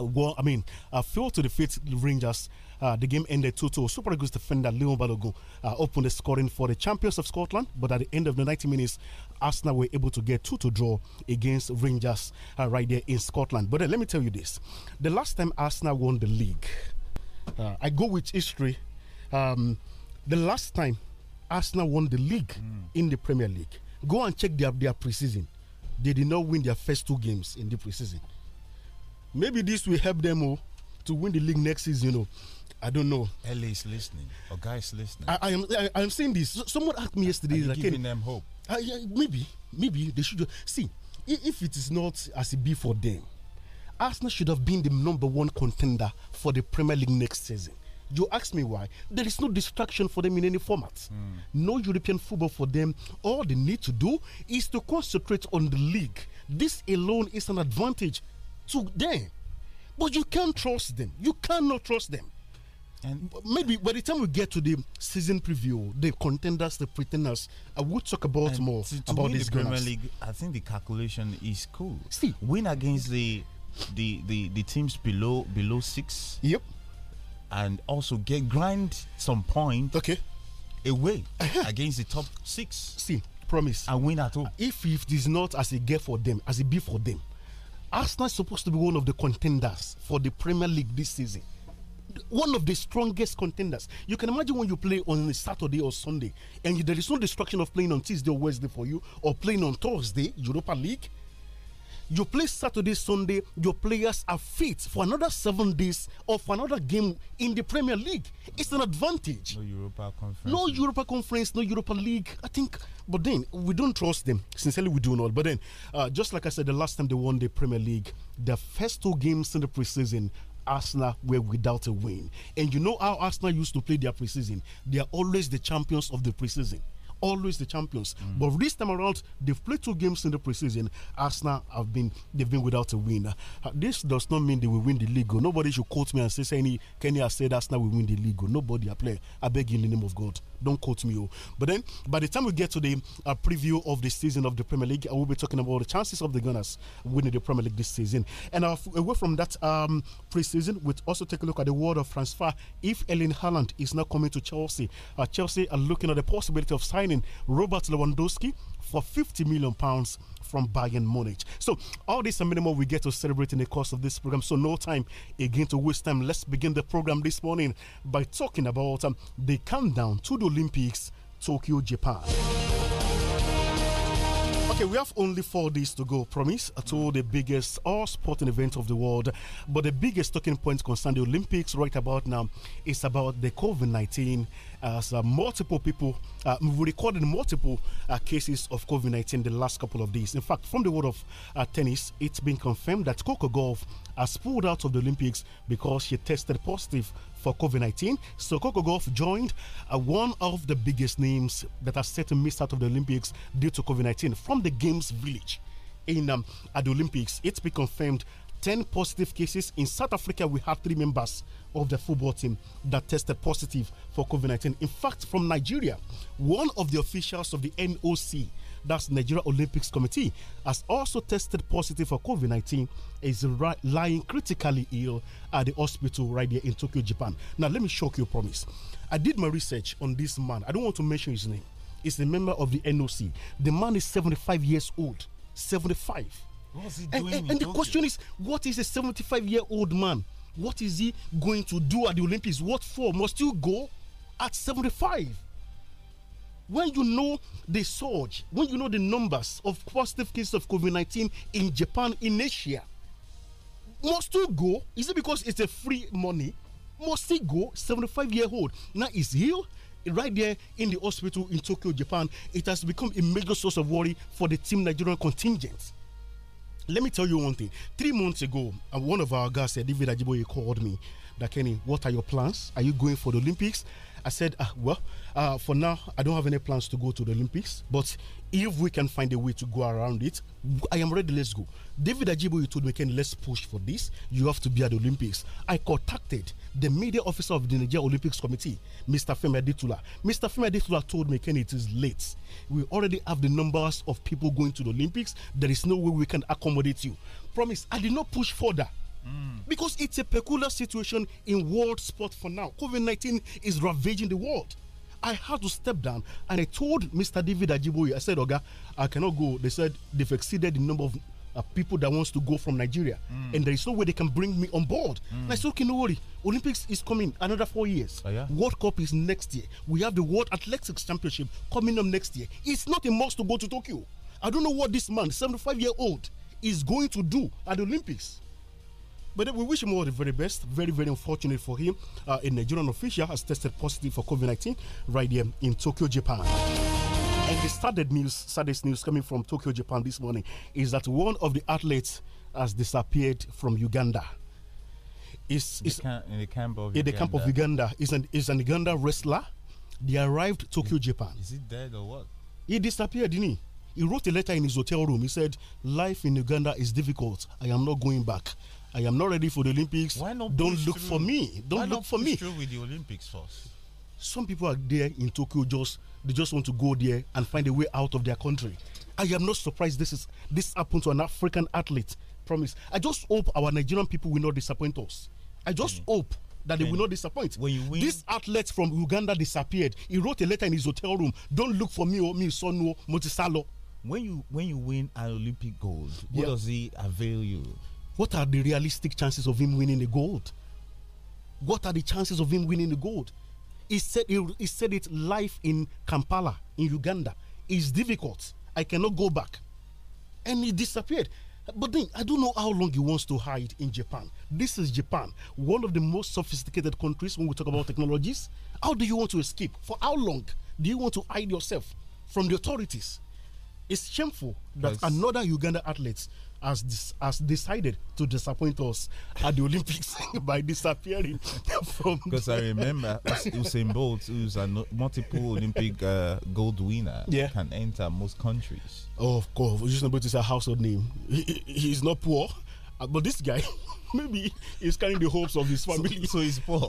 well, I mean, uh, failed to defeat Rangers. Uh, the game ended 2 2. Super Eagles defender Leon Balogun uh, opened the scoring for the champions of Scotland, but at the end of the 90 minutes, Arsenal were able to get 2 to draw against Rangers uh, right there in Scotland. But let me tell you this the last time Arsenal won the league, uh, I go with history. Um, the last time Arsenal won the league mm. in the Premier League, go and check their, their preseason. They did not win their first two games in the preseason. Maybe this will help them oh, to win the league next season, you know. I don't know. LA is listening. Or guy is listening. I, I am I, am seeing this. Someone asked me yesterday. Are you like, giving them hope? Uh, yeah, maybe, maybe they should see if it is not as it be for them. Arsenal should have been the number one contender for the Premier League next season. You ask me why? There is no distraction for them in any format. Mm. No European football for them. All they need to do is to concentrate on the league. This alone is an advantage to them. But you can't trust them. You cannot trust them and maybe by the time we get to the season preview, the contenders, the pretenders, I will talk about more to, to about this Premier Gunners. League. I think the calculation is cool. See, win against the the the the teams below below six. Yep. And also get grind some point. Okay. Away uh-huh. against the top six. See, promise. And win at home. If if it is not as a get for them, as a be for them, Arsenal is supposed to be one of the contenders for the Premier League this season one of the strongest contenders. You can imagine when you play on a Saturday or Sunday, and you, there is no distraction of playing on Tuesday or Wednesday for you, or playing on Thursday, Europa League. You play Saturday, Sunday, your players are fit for another seven days or for another game in the Premier League. It's an advantage. No Europa Conference. No Europa Conference, no Europa League. I think, but then we don't trust them. Sincerely, we do not. But then, uh, just like I said, the last time they won the Premier League, the first two games in the preseason Arsenal were without a win. And you know how Arsenal used to play their preseason? They are always the champions of the preseason always the champions. Mm. But this time around, they've played two games in the preseason. Arsenal have been they've been without a win. Uh, this does not mean they will win the league. Oh, nobody should quote me and say, "Any Kenny has said Arsenal will win the league." Oh, nobody, I play. I beg you in the name of God, don't quote me. Oh. But then, by the time we get to the uh, preview of the season of the Premier League, I will be talking about the chances of the Gunners winning the Premier League this season. And uh, away from that um, preseason, we'll also take a look at the world of transfer. If Ellen Haaland is not coming to Chelsea, uh, Chelsea are looking at the possibility of signing signing Robert Lewandowski for 50 million pounds from Bayern Munich. So all this and many more we get to celebrate in the course of this program. So no time again to waste time. Let's begin the program this morning by talking about um, the countdown to the Olympics, Tokyo, Japan. Okay, we have only four days to go, promise, to the biggest all sporting event of the world. But the biggest talking point concerning the Olympics right about now is about the COVID 19 as uh, multiple people, uh, we recorded multiple uh, cases of COVID 19 the last couple of days. In fact, from the world of tennis, it's been confirmed that Coco Golf has pulled out of the Olympics because she tested positive for COVID 19. So Coco Golf joined uh, one of the biggest names that are set to miss out of the Olympics due to COVID 19 from the Games Village in um, at the Olympics. It's been confirmed 10 positive cases. In South Africa, we have three members of the football team that tested positive for COVID 19. In fact, from Nigeria, one of the officials of the NOC, that's Nigeria Olympics Committee, has also tested positive for COVID 19 is lying critically ill at the hospital right here in Tokyo, Japan. Now, let me shock you, promise. I did my research on this man. I don't want to mention his name. He's a member of the NOC. The man is 75 years old. 75. What's he doing? And, and, and the question is what is a 75 year old man What is he going to do at the Olympics? What for? Must you go at 75? When you know the surge, when you know the numbers of positive cases of COVID 19 in Japan, in Asia, must you go? Is it because it's a free money? Must he go? 75 year old. Now he's ill right there in the hospital in Tokyo, Japan. It has become a major source of worry for the team Nigerian contingent Let me tell you one thing. Three months ago, uh, one of our guys, David Ajiboye, called me that Kenny, what are your plans? Are you going for the Olympics? I said, ah, well, uh, for now, I don't have any plans to go to the Olympics, but if we can find a way to go around it, I am ready, let's go. David Ajibu, you told me, can let's push for this. You have to be at the Olympics. I contacted the media officer of the Nigeria Olympics Committee, Mr. Femi Aditula. Mr. Femi Aditula told me, Ken, it is late. We already have the numbers of people going to the Olympics. There is no way we can accommodate you. Promise, I did not push further. Mm. Because it's a peculiar situation in world sport for now. COVID 19 is ravaging the world. I had to step down and I told Mr. David Ajiboye, I said, Oga, I cannot go. They said they've exceeded the number of uh, people that wants to go from Nigeria mm. and there is no way they can bring me on board. Mm. And I said, okay, no worry. Olympics is coming another four years. Oh, yeah? World Cup is next year. We have the World Athletics Championship coming up next year. It's not a must to go to Tokyo. I don't know what this man, 75 year old, is going to do at the Olympics. But we wish him all the very best. Very, very unfortunate for him. Uh, a Nigerian official has tested positive for COVID 19 right here in Tokyo, Japan. And the saddest news, saddest news coming from Tokyo, Japan this morning is that one of the athletes has disappeared from Uganda. It's, it's in the camp of in Uganda. the camp of Uganda. Is an is an Uganda wrestler. They arrived Tokyo, is, Japan. Is he dead or what? He disappeared, didn't he? He wrote a letter in his hotel room. He said, "Life in Uganda is difficult. I am not going back." I am not ready for the Olympics. Why not Don't look through, for me. Don't look for me. Through with the Olympics first. Some people are there in Tokyo just they just want to go there and find a way out of their country. I am not surprised this is this happened to an African athlete. Promise. I just hope our Nigerian people will not disappoint us. I just mm. hope that they will not disappoint. When you win, this athlete from Uganda disappeared. He wrote a letter in his hotel room. Don't look for me or oh, me sonu oh, motisalo. When you when you win an Olympic gold, what yeah. does it avail you? What are the realistic chances of him winning the gold? What are the chances of him winning the gold? He said he, he said it live in Kampala in Uganda. It's difficult. I cannot go back. And he disappeared. But then I don't know how long he wants to hide in Japan. This is Japan, one of the most sophisticated countries when we talk about technologies. How do you want to escape? For how long do you want to hide yourself from the authorities? It's shameful that yes. another Uganda athlete has has decided to disappoint us at the Olympics by disappearing from. Because I remember Usain Bolt, who's a multiple Olympic uh, gold winner, yeah. can enter most countries. Oh, of course, Usain Bolt is a household name. He, he's not poor, uh, but this guy maybe is carrying the hopes of his family. so, so he's poor.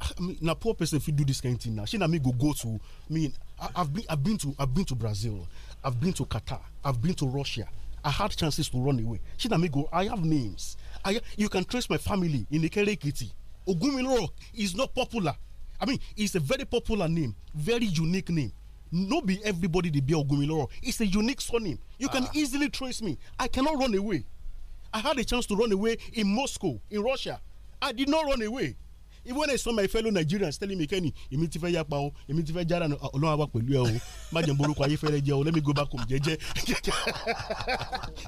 I mean, now poor person if you do this kind of thing now. She and me go go to. I mean, I, have been, I've been to, I've been to Brazil, I've been to Qatar, I've been to Russia. I had chances to run away. She na me go. I have names. I, you can trace my family in Ikere Ekiti. Ogumiloro is not popular. I mean, it's a very popular name, very unique name. No be everybody dey be Ogumiloro. It's a unique surname. You ah. can easily trace me. I cannot run away. I had a chance to run away in Moscow, in Russia. I did not run away. even when I saw my fellow Nigerians telling me Kenny èmi ti fẹ́ yapa o èmi ti fẹ́ jára nù ọlọ́run àwa pẹ̀lú ẹ o má jẹun borúkọ ayé fẹ́rẹ́ jẹ o let me go back home jẹ́jẹ́.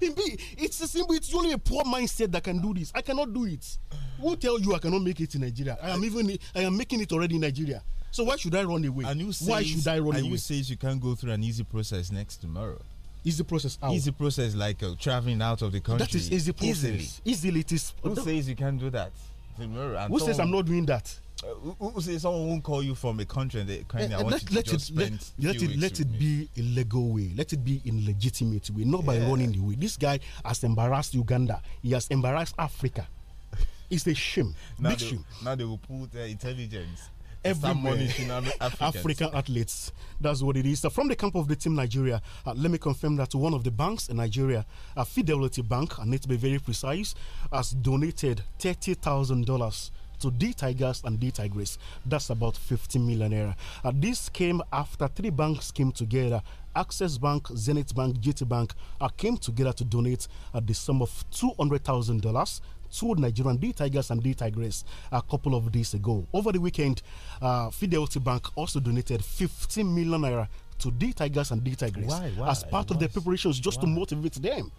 ibi it's a simple it's only a poor mindset that can do this I cannot do it who tell you I cannot make it in Nigeria I am even I am making it already in Nigeria so why should I run away and you says, why should I run and away and you say you can't go through an easy process next tomorrow easy process out. Easy process like uh, traveling out of the country. That is easy process. Easily. Easily it is. Who says you can't do that? Who says I'm not doing that? Uh, who says someone won't call you from a country and they claim uh, eh, I eh, want let, you let to it, let, let it, let it be a legal way. Let it be in legitimate way, not yeah. by running away. This guy has embarrassed Uganda. He has embarrassed Africa. It's a shame. Now Big they, shame. Now they will put uh, intelligence everywhere. African athletes. That's what it is. So from the camp of the team Nigeria, uh, let me confirm that one of the banks in Nigeria, uh, Fidelity Bank, I need to be very precise, has donated $30,000 to D Tigers and D Tigers. That's about 50 million naira. Uh, this came after three banks came together. Access Bank, Zenith Bank, GT Bank uh, came together to donate at uh, the sum of $200,000 Sued Nigerian D Tigers and D Tigress a couple of days ago. Over the weekend, uh, Fidelity Bank also donated 15 million naira to D Tigers and D Tigress why, why? as part of the preparations just why? to motivate them.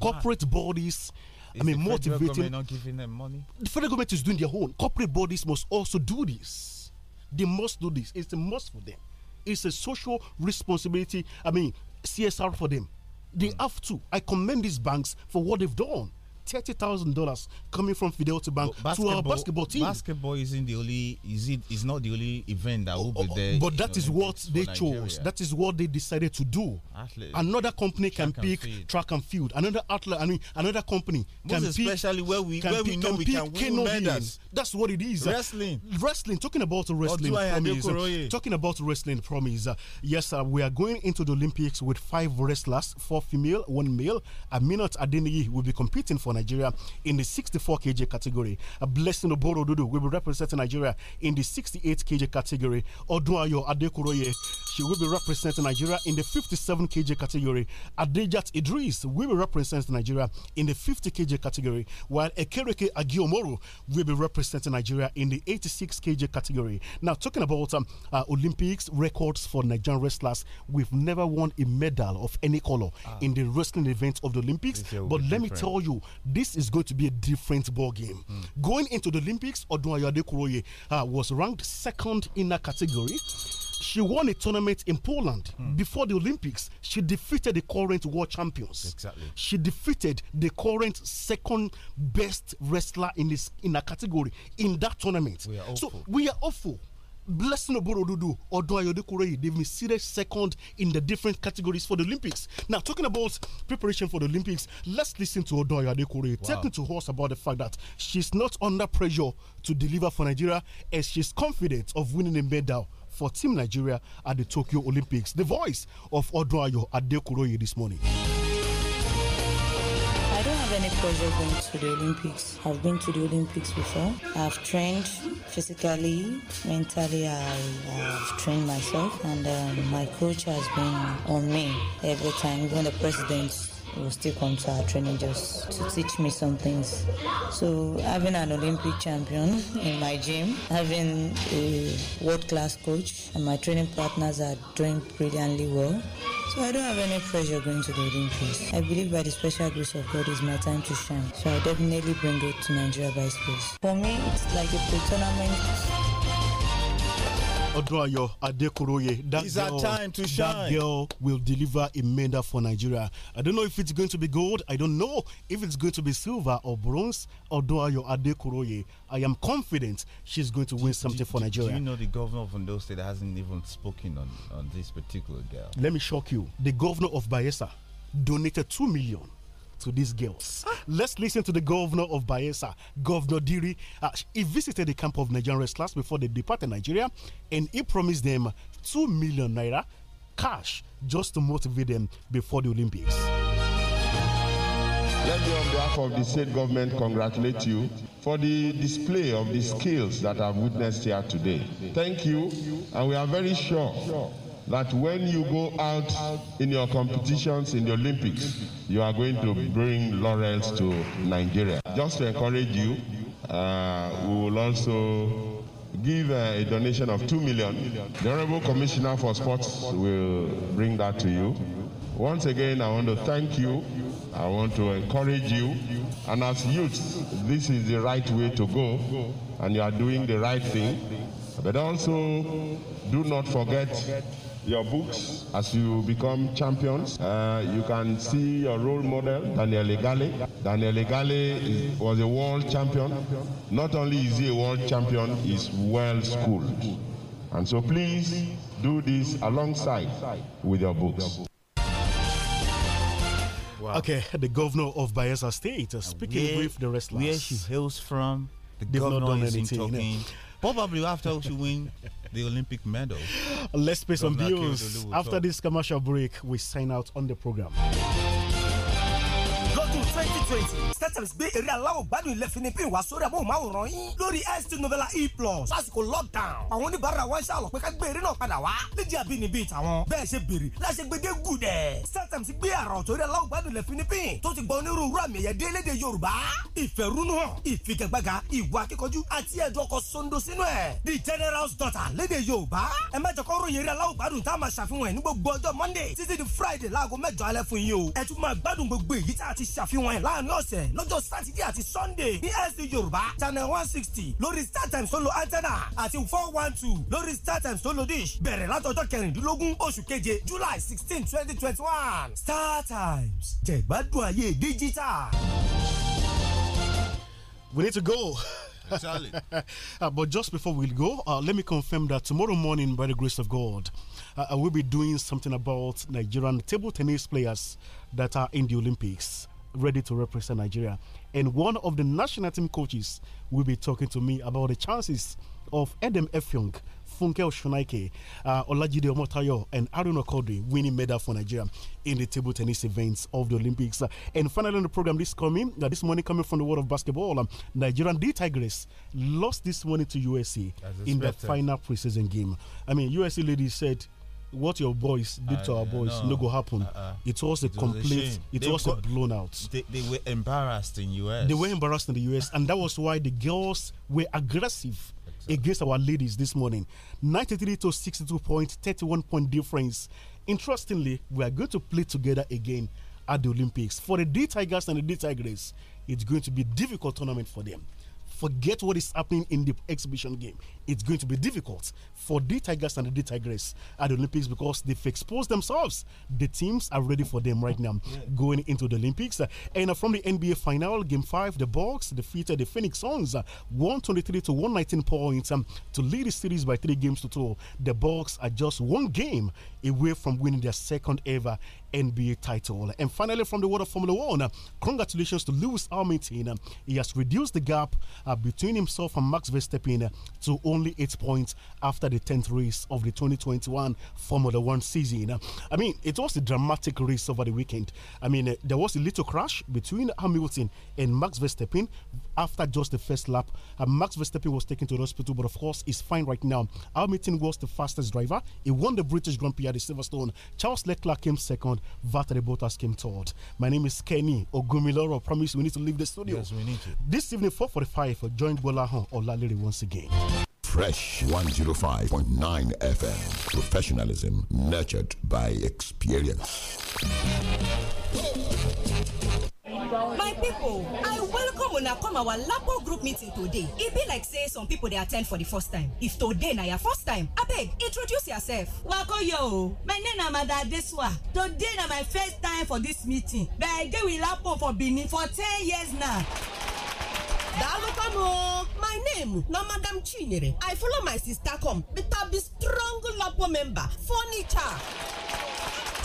Corporate bodies. Is I mean, motivating. not giving them money. The federal government is doing their own. Corporate bodies must also do this. They must do this. It's a must for them. It's a social responsibility. I mean, CSR for them. They mm. have to. I commend these banks for what they've done thirty thousand dollars coming from Fidelity Bank to our basketball team. Basketball isn't the only is it is not the only event that will be oh, oh, there. But that is what they chose. That is what they decided to do athlete. Another company track can pick field. track and field. Another athlete, I mean, another company Most can especially pick, where we where pick, we know we can win medals. That's what it is. Wrestling, wrestling. Talking about wrestling, promise. Uh, talking about wrestling, promise. Uh, yes, uh, we are going into the Olympics with five wrestlers, four female, one male. Aminat Adeniyi will be competing for Nigeria in the 64 kg category. A blessing Oboro Dodo will be representing Nigeria in the 68 kg category. Odunayo Adekuroye she will be representing Nigeria in the 57 kg category. Adejat Idris will represent Nigeria in the 50 kg category, while Ekereke Agiomoro will be representing Nigeria in the 86 kg category. Now, talking about um, uh, Olympics records for Nigerian wrestlers, we've never won a medal of any color ah. in the wrestling event of the Olympics. But let different. me tell you, this is going to be a different ball game. Mm. Going into the Olympics, Odunayade Kuroye uh, was ranked second in that category she won a tournament in Poland hmm. before the Olympics. She defeated the current world champions. Exactly. She defeated the current second best wrestler in this in a category in that tournament. We so we are awful. Blessing Oborodudu or Doayodekurei, they've been seated second in the different categories for the Olympics. Now, talking about preparation for the Olympics, let's listen to Odoayodekurei wow. talking to us about the fact that she's not under pressure to deliver for Nigeria as she's confident of winning a medal for Team Nigeria at the Tokyo Olympics. The voice of Oduayo Adekuroye this morning. I don't have any pressure going to the Olympics. I've been to the Olympics before. I've trained physically, mentally, I, have trained myself, and um, my coach has been on me every time, even the president will still come to our training just to teach me some things. So having an Olympic champion in my gym, having a world-class coach, and my training partners are doing brilliantly well. So I don't have any pressure going to the Olympics. I believe by the special grace of God it's my time to shine. So I'll definitely bring it to Nigeria by space. For me, it's like a pre-tournament Oduayo Adekuroye. That time to shine. That girl will deliver a medal for Nigeria. I don't know if it's going to be gold. I don't know if it's going to be silver or bronze. Oduayo Adekuroye. I am confident she's going to do, win something do, for Nigeria. Do you know the governor of Ondo State hasn't even spoken on, on this particular girl? Let me shock you. The governor of Bayelsa donated 2 million to these girls. Let's listen to the governor of Bayelsa, Governor Diri. Uh, he visited the camp of Nigerian wrestlers before they departed Nigeria, and he promised them 2 million naira cash just to motivate them before the Olympics. Let me, on behalf of the state government, congratulate you for the display of the skills that I've witnessed here today. Thank you, and we are very sure that when you go out in your competitions in the Olympics, you are going to bring laurels to Nigeria. Just to encourage you, uh, we will also give uh, a donation of 2 million. The Honorable Commissioner for Sports will bring that to you. Once again, I want to thank you. I want to encourage you. And as youths, this is the right way to go, and you are doing the right thing. But also, do not forget your books as you become champions. Uh, you can see your role model, Daniel Egale. Daniel Egale was a world champion. Not only is he a world champion, he's well schooled. And so please do this alongside with your books. Wow. Okay, the governor of Bayelsa State uh, speaking where, with the wrestlers. Where she hails from, the They've governor is talking. Probably after she win the Olympic medal. Let's pay some bills. After this commercial break, we sign out on the program. twenty twenty startimes gbé eré aláwọ̀ gbádùn ilẹ̀ finipin wá sórí amóhùnmáwòrán yín lórí ST Novella E plus lásìkò lockdown àwọn oníbàárà wa ń ṣàlọ̀ pé ká gbé eré náà padà wá níjẹ́ àbínibí ìtàwọn bẹ́ẹ̀ ṣe béèrè láṣẹ gbẹdẹ gùdẹ̀ startimes gbé àrà ọ̀tọ̀ eré aláwọ̀ gbádùn ilẹ̀ finipin tó ti gba onírúurú àmì ẹ̀yẹ dé léde Yorùbá ìfẹ̀rúnúhàn ìfigagbága ìwà akíkanjú àti ẹ̀dùn ọkọ̀ sondo sínú ẹ̀ the general's daughter léde Yorùbá ẹ má jẹ́ kó ròyìn eré aláwọ̀ gbádùn tá a máa ṣàfihàn ẹ̀ ní gbogbo ọjọ́ Monday títí di Friday láago mẹ́jọ alẹ́ fún yín o ẹ tún máa gbádùn gbogbo èyí tá a ti ṣàfihàn ẹ láàrin ọ̀sẹ̀ lọ́jọ́ sátidé àti sunday ní ST yorùbá channel one sixty lórí tó lo antenna àti four one two lórí tó lo dish bẹ̀rẹ̀ látọjọ́ kẹrìndínlógún oṣù keje july sixteen twenty twenty one jẹ̀gbádùn ayé digital. we need to go. uh, but just before we go, uh, let me confirm that tomorrow morning, by the grace of God, uh, will be doing something about Nigerian table tennis players that are in the Olympics ready to represent Nigeria. And one of the national team coaches will be talking to me about the chances of Edem Efiong, Funke Oshunaike, uh, Olajide Omotayo, and Arun Okodri winning medal for Nigeria in the table tennis events of the Olympics. Uh, and finally, on the program this coming uh, this morning, coming from the world of basketball, um, Nigerian D Tigers lost this morning to USA in the final preseason game. I mean, USA ladies said what your boys did uh, to our boys no, no go happen. Uh, uh, it was a it complete, was a it was a blown out. They, they, were embarrassed in US. They were embarrassed in the US, and that was why the girls were aggressive exactly. against our ladies this morning. 93 to 62 point, 31 point difference. Interestingly, we are going to play together again at the Olympics. For the D Tigers and the D Tigers, it's going to be a difficult tournament for them forget what is happening in the exhibition game. It's going to be difficult for the Tigers and the Tigress at the Olympics because they've exposed themselves. The teams are ready for them right now yeah. going into the Olympics. And from the NBA final, game five, the Bucks defeated the Phoenix Suns 123 to 119 points um, to lead the series by three games to two. The Bucks are just one game away from winning their second ever NBA title. And finally, from the world of Formula One, congratulations to Lewis Hamilton. He has reduced the gap uh, between himself and Max Verstappen uh, to only eight points after the 10th race of the 2021 Formula One season. I mean, it was a dramatic race over the weekend. I mean, uh, there was a little crash between Hamilton and Max Verstappen after just the first lap. Max Verstappen was taken to the hospital, but of course, he's fine right now. Hamilton was the fastest driver. He won the British Grand Prix at the Silverstone. Charles Leclerc came second. VAT Rebottas came third. My name is Kenny Ogumiloro. Promise we need to leave the studio. Yes, we need to. This evening, 445, join Bolahon Olalere once again. Fresh 105.9 FM. Professionalism nurtured by experience. My people, I will how una come our lapo group meeting today e be like say some people dey attend for the first time if today na your first time abeg introduce yourself. yo. my name na mada adesuwa today na my first time for this meeting but i dey with lapo for benin for ten years now. daalụkwanụ my name na madam chinyere i follow my sister come beta be strong lapo member furniture.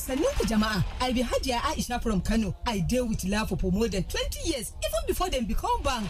I've jama'a i be aisha from kano i deal with love for more than twenty years even before them become bank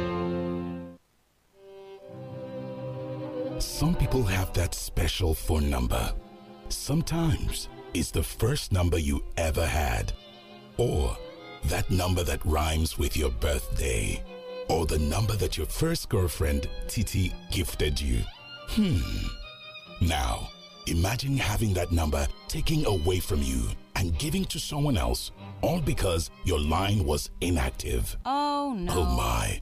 Some people have that special phone number. Sometimes it's the first number you ever had, or that number that rhymes with your birthday, or the number that your first girlfriend, Titi, gifted you. Hmm. Now, imagine having that number taken away from you and giving to someone else, all because your line was inactive. Oh no. Oh my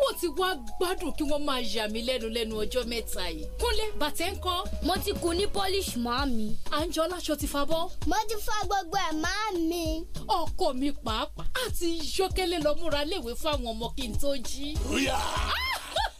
wọ́n ti wá gbádùn kí wọ́n máa yà mí lẹ́nu lẹ́nu ọjọ́ mẹ́ta yìí. kúnlé bàtẹ́ ń kọ́. mo ti kun ní polish máa mi. àǹjọ́ láṣọ ti fa bọ́. mo ti fa gbogbo ẹ̀ máa mi. ọkọ mi pàápàá àti yọkẹ́lẹ́ lọ léwe fáwọn ọmọ kí n tó jí. ó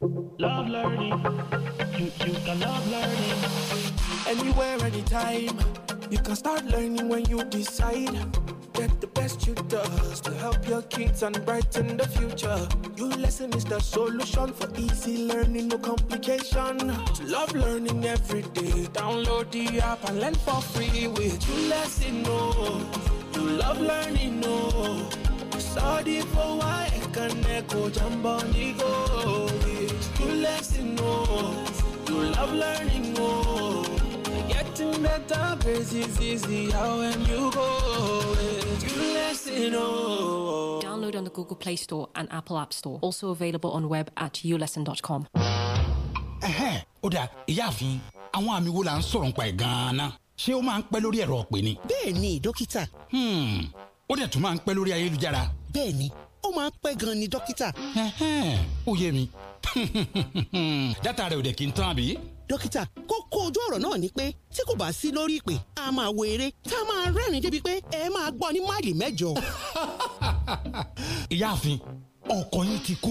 Love learning. You, you can love learning. Anywhere, anytime. You can start learning when you decide. Get the best you does to help your kids and brighten the future. Your lesson is the solution for easy learning, no complication. To love learning every day. Download the app and learn for free with your lesson. Oh, you love learning. Oh, study for why I can echo jump on the go relaxing, oh. You love learning, oh. Getting better, grace is easy. How when you go, it's relaxing, oh. Download on the Google Play Store and Apple App Store. Also available on web at ulesson.com. Ẹ̀hẹ́, ó dáa, ìyáàfin, àwọn àmì wo la ń sọ̀rọ̀ nípa ẹ̀ gan-an? Ṣé ó máa ń pẹ́ lórí ẹ̀rọ ọ̀pẹ ni? Bẹ́ẹ̀ni, dókítà. Hmm, ó dẹ̀ tún máa ń pẹ́ lórí ayélujára. Bẹ́ẹ̀ni, ó máa ń pẹ́ gan-an ni dókítà. Ẹ̀hẹ́n, ó yé mi dátà rẹ̀ ò dẹ̀ kí n tán àbí. dókítà kókó ojú ọ̀rọ̀ náà ni pé tí kò bá sí lórí ìpè a máa wo eré tá a máa rẹ́rìn-ín débi pé ẹ máa gbọ́ ní máìlì mẹ́jọ. ìyáàfin ọkọ yín ti kó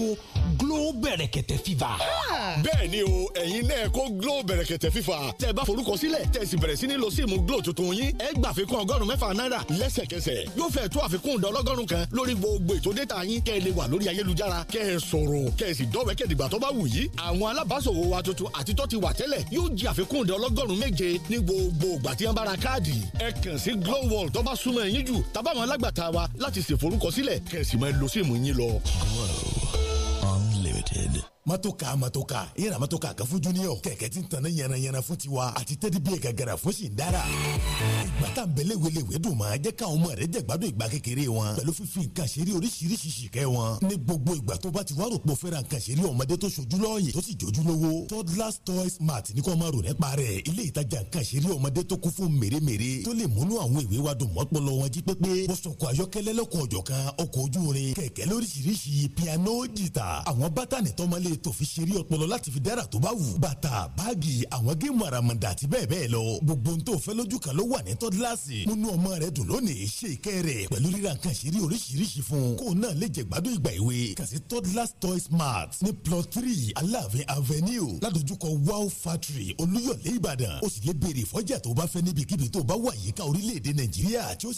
glow bẹ̀rẹ̀kẹ̀tẹ̀ fever. Ah! bẹ́ẹ̀ni o ẹ̀yin náà kó glow bẹ̀rẹ̀kẹ̀tẹ̀ fever. tẹ́ bá forúkọ sílẹ̀ tẹ́ sì bẹ̀rẹ̀ sí ní lọ síìmù glow tuntun yín ẹ gbà àfikún ọgọ́rùn mẹ́fà náírà lẹ́sẹ̀kẹsẹ̀ yóò fẹ́ tó àfikún ìdá ọlọ́gọ́rùn kan lórí gbogbo ètò déta yín kẹ́ ẹ lè wà lórí ayélujára kẹ́ ẹ sọ̀rọ̀ kẹ́ ẹ sì dọwẹ kẹ́ dìgbà tó bá wù yí. àwọn alábàáṣòwò wa tuntun àti tó ti wà tẹ́lẹ̀ yóò jẹ àfikún ìdá ọlọ́gọ́rùn méje ní gbogbo ìgbà tí wọ́n bá ra káàdì. ẹ kàn sí glow world tó bá súnmọ́ ẹ̀yìn jù tàbáwọn alágbàtà wa láti ṣèforúkọsílẹ̀ lo Hello. matoka matoka ira matoka kan fún junior kẹ̀kẹ́ tí ń tanná yànnayànna fún tiwa àti tẹ́dí bíi gàgàrà fún sì ń dára. ìgbà tá n bẹ̀lẹ̀ welewe dùn máa jẹ́ káwọn ọmọ rẹ jẹ́ gbádùn ìgbà kékeré wọn pẹ̀lú fífi nǹkan ṣeré oríṣiríṣi ṣìkẹ́ wọn. ní gbogbo ìgbà tó bá ti wá rò pé fẹ́ràn nǹkan ṣeré ọmọdé tó ṣojú lọ́ọ̀yẹ̀ tó sì jójú lówó toddlers toys mart ní piano jìtà àwọn bátànì tọ́mọlé ṣètò fi ṣeré ọpọlọ láti fi dára tó bá wù. bàtà báàgì àwọn géèmù àràmàǹdà àti bẹ́ẹ̀ bẹ́ẹ̀ lọ. gbogbo n tó fẹ́ lójú kan ló wà ní tọ́dílàsì. múnú ọmọ rẹ dùn lónìí ṣe ìkẹ́ rẹ̀ pẹ̀lú ríra nǹkan ṣeré oríṣiríṣi fún. kó náà lè jẹ gbádùn ìgbà ìwé. kàn sí Toddlers Toys Mart ní plot three Aláàfin Avenue ládojúkọ Wow Factory Olúyọ̀lé Ìbàdàn. o sì lè béèrè ìfọ́jà tó bá fẹ́ níbikíbi tó bá wà yíká orílẹ̀-èdè Nàìjíríà tí ó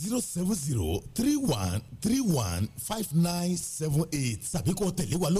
zero seven zero three one three one five nine seven eight tàbí kó tẹ̀lé wa lọ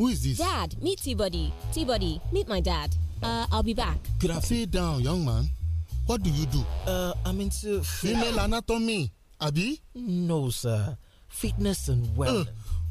Who is this? Dad, meet T-Body. T-Body, meet my dad. Uh, I'll be back. Could I sit down, young man? What do you do? Uh, I'm into... Female anatomy, Abi? No, sir. Fitness and wellness. Uh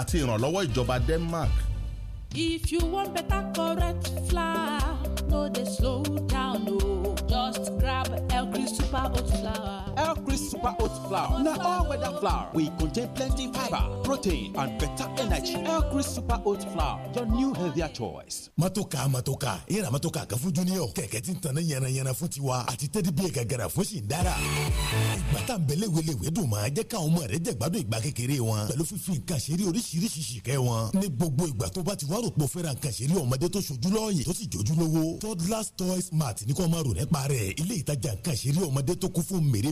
àti ìrànlọ́wọ́ ìjọba Denmark. If you want better correct flour, no dey slow down o. Just grab Elkri super oat flour. Elkri super oat flour na all weather flour We contain plenty fiber, protein and better energy elcris super oat flour your new healthier choice. matoka matoka ìyára matoka kafu junior kẹ̀kẹ́ tí ń tanná yànnayànna fún tiwa àti tẹ́tí bíi gàgàrà fún sì ń dára. ìgbà tá n bẹ léwelewe dùn máa jẹ́ káwọn ọmọ rẹ̀ jẹ̀gbádùn ìgbà kékeré wọn pẹ̀lú fífi nǹkan ṣeré oríṣiríṣi ṣìkẹ́ wọn. ní gbogbo ìgbà tó bá ti wá rògbò fẹ́ra toddlers toys mart ní kò máa rò nípa rẹ̀ ilé ìtajà nǹkan ṣeré ọmọdé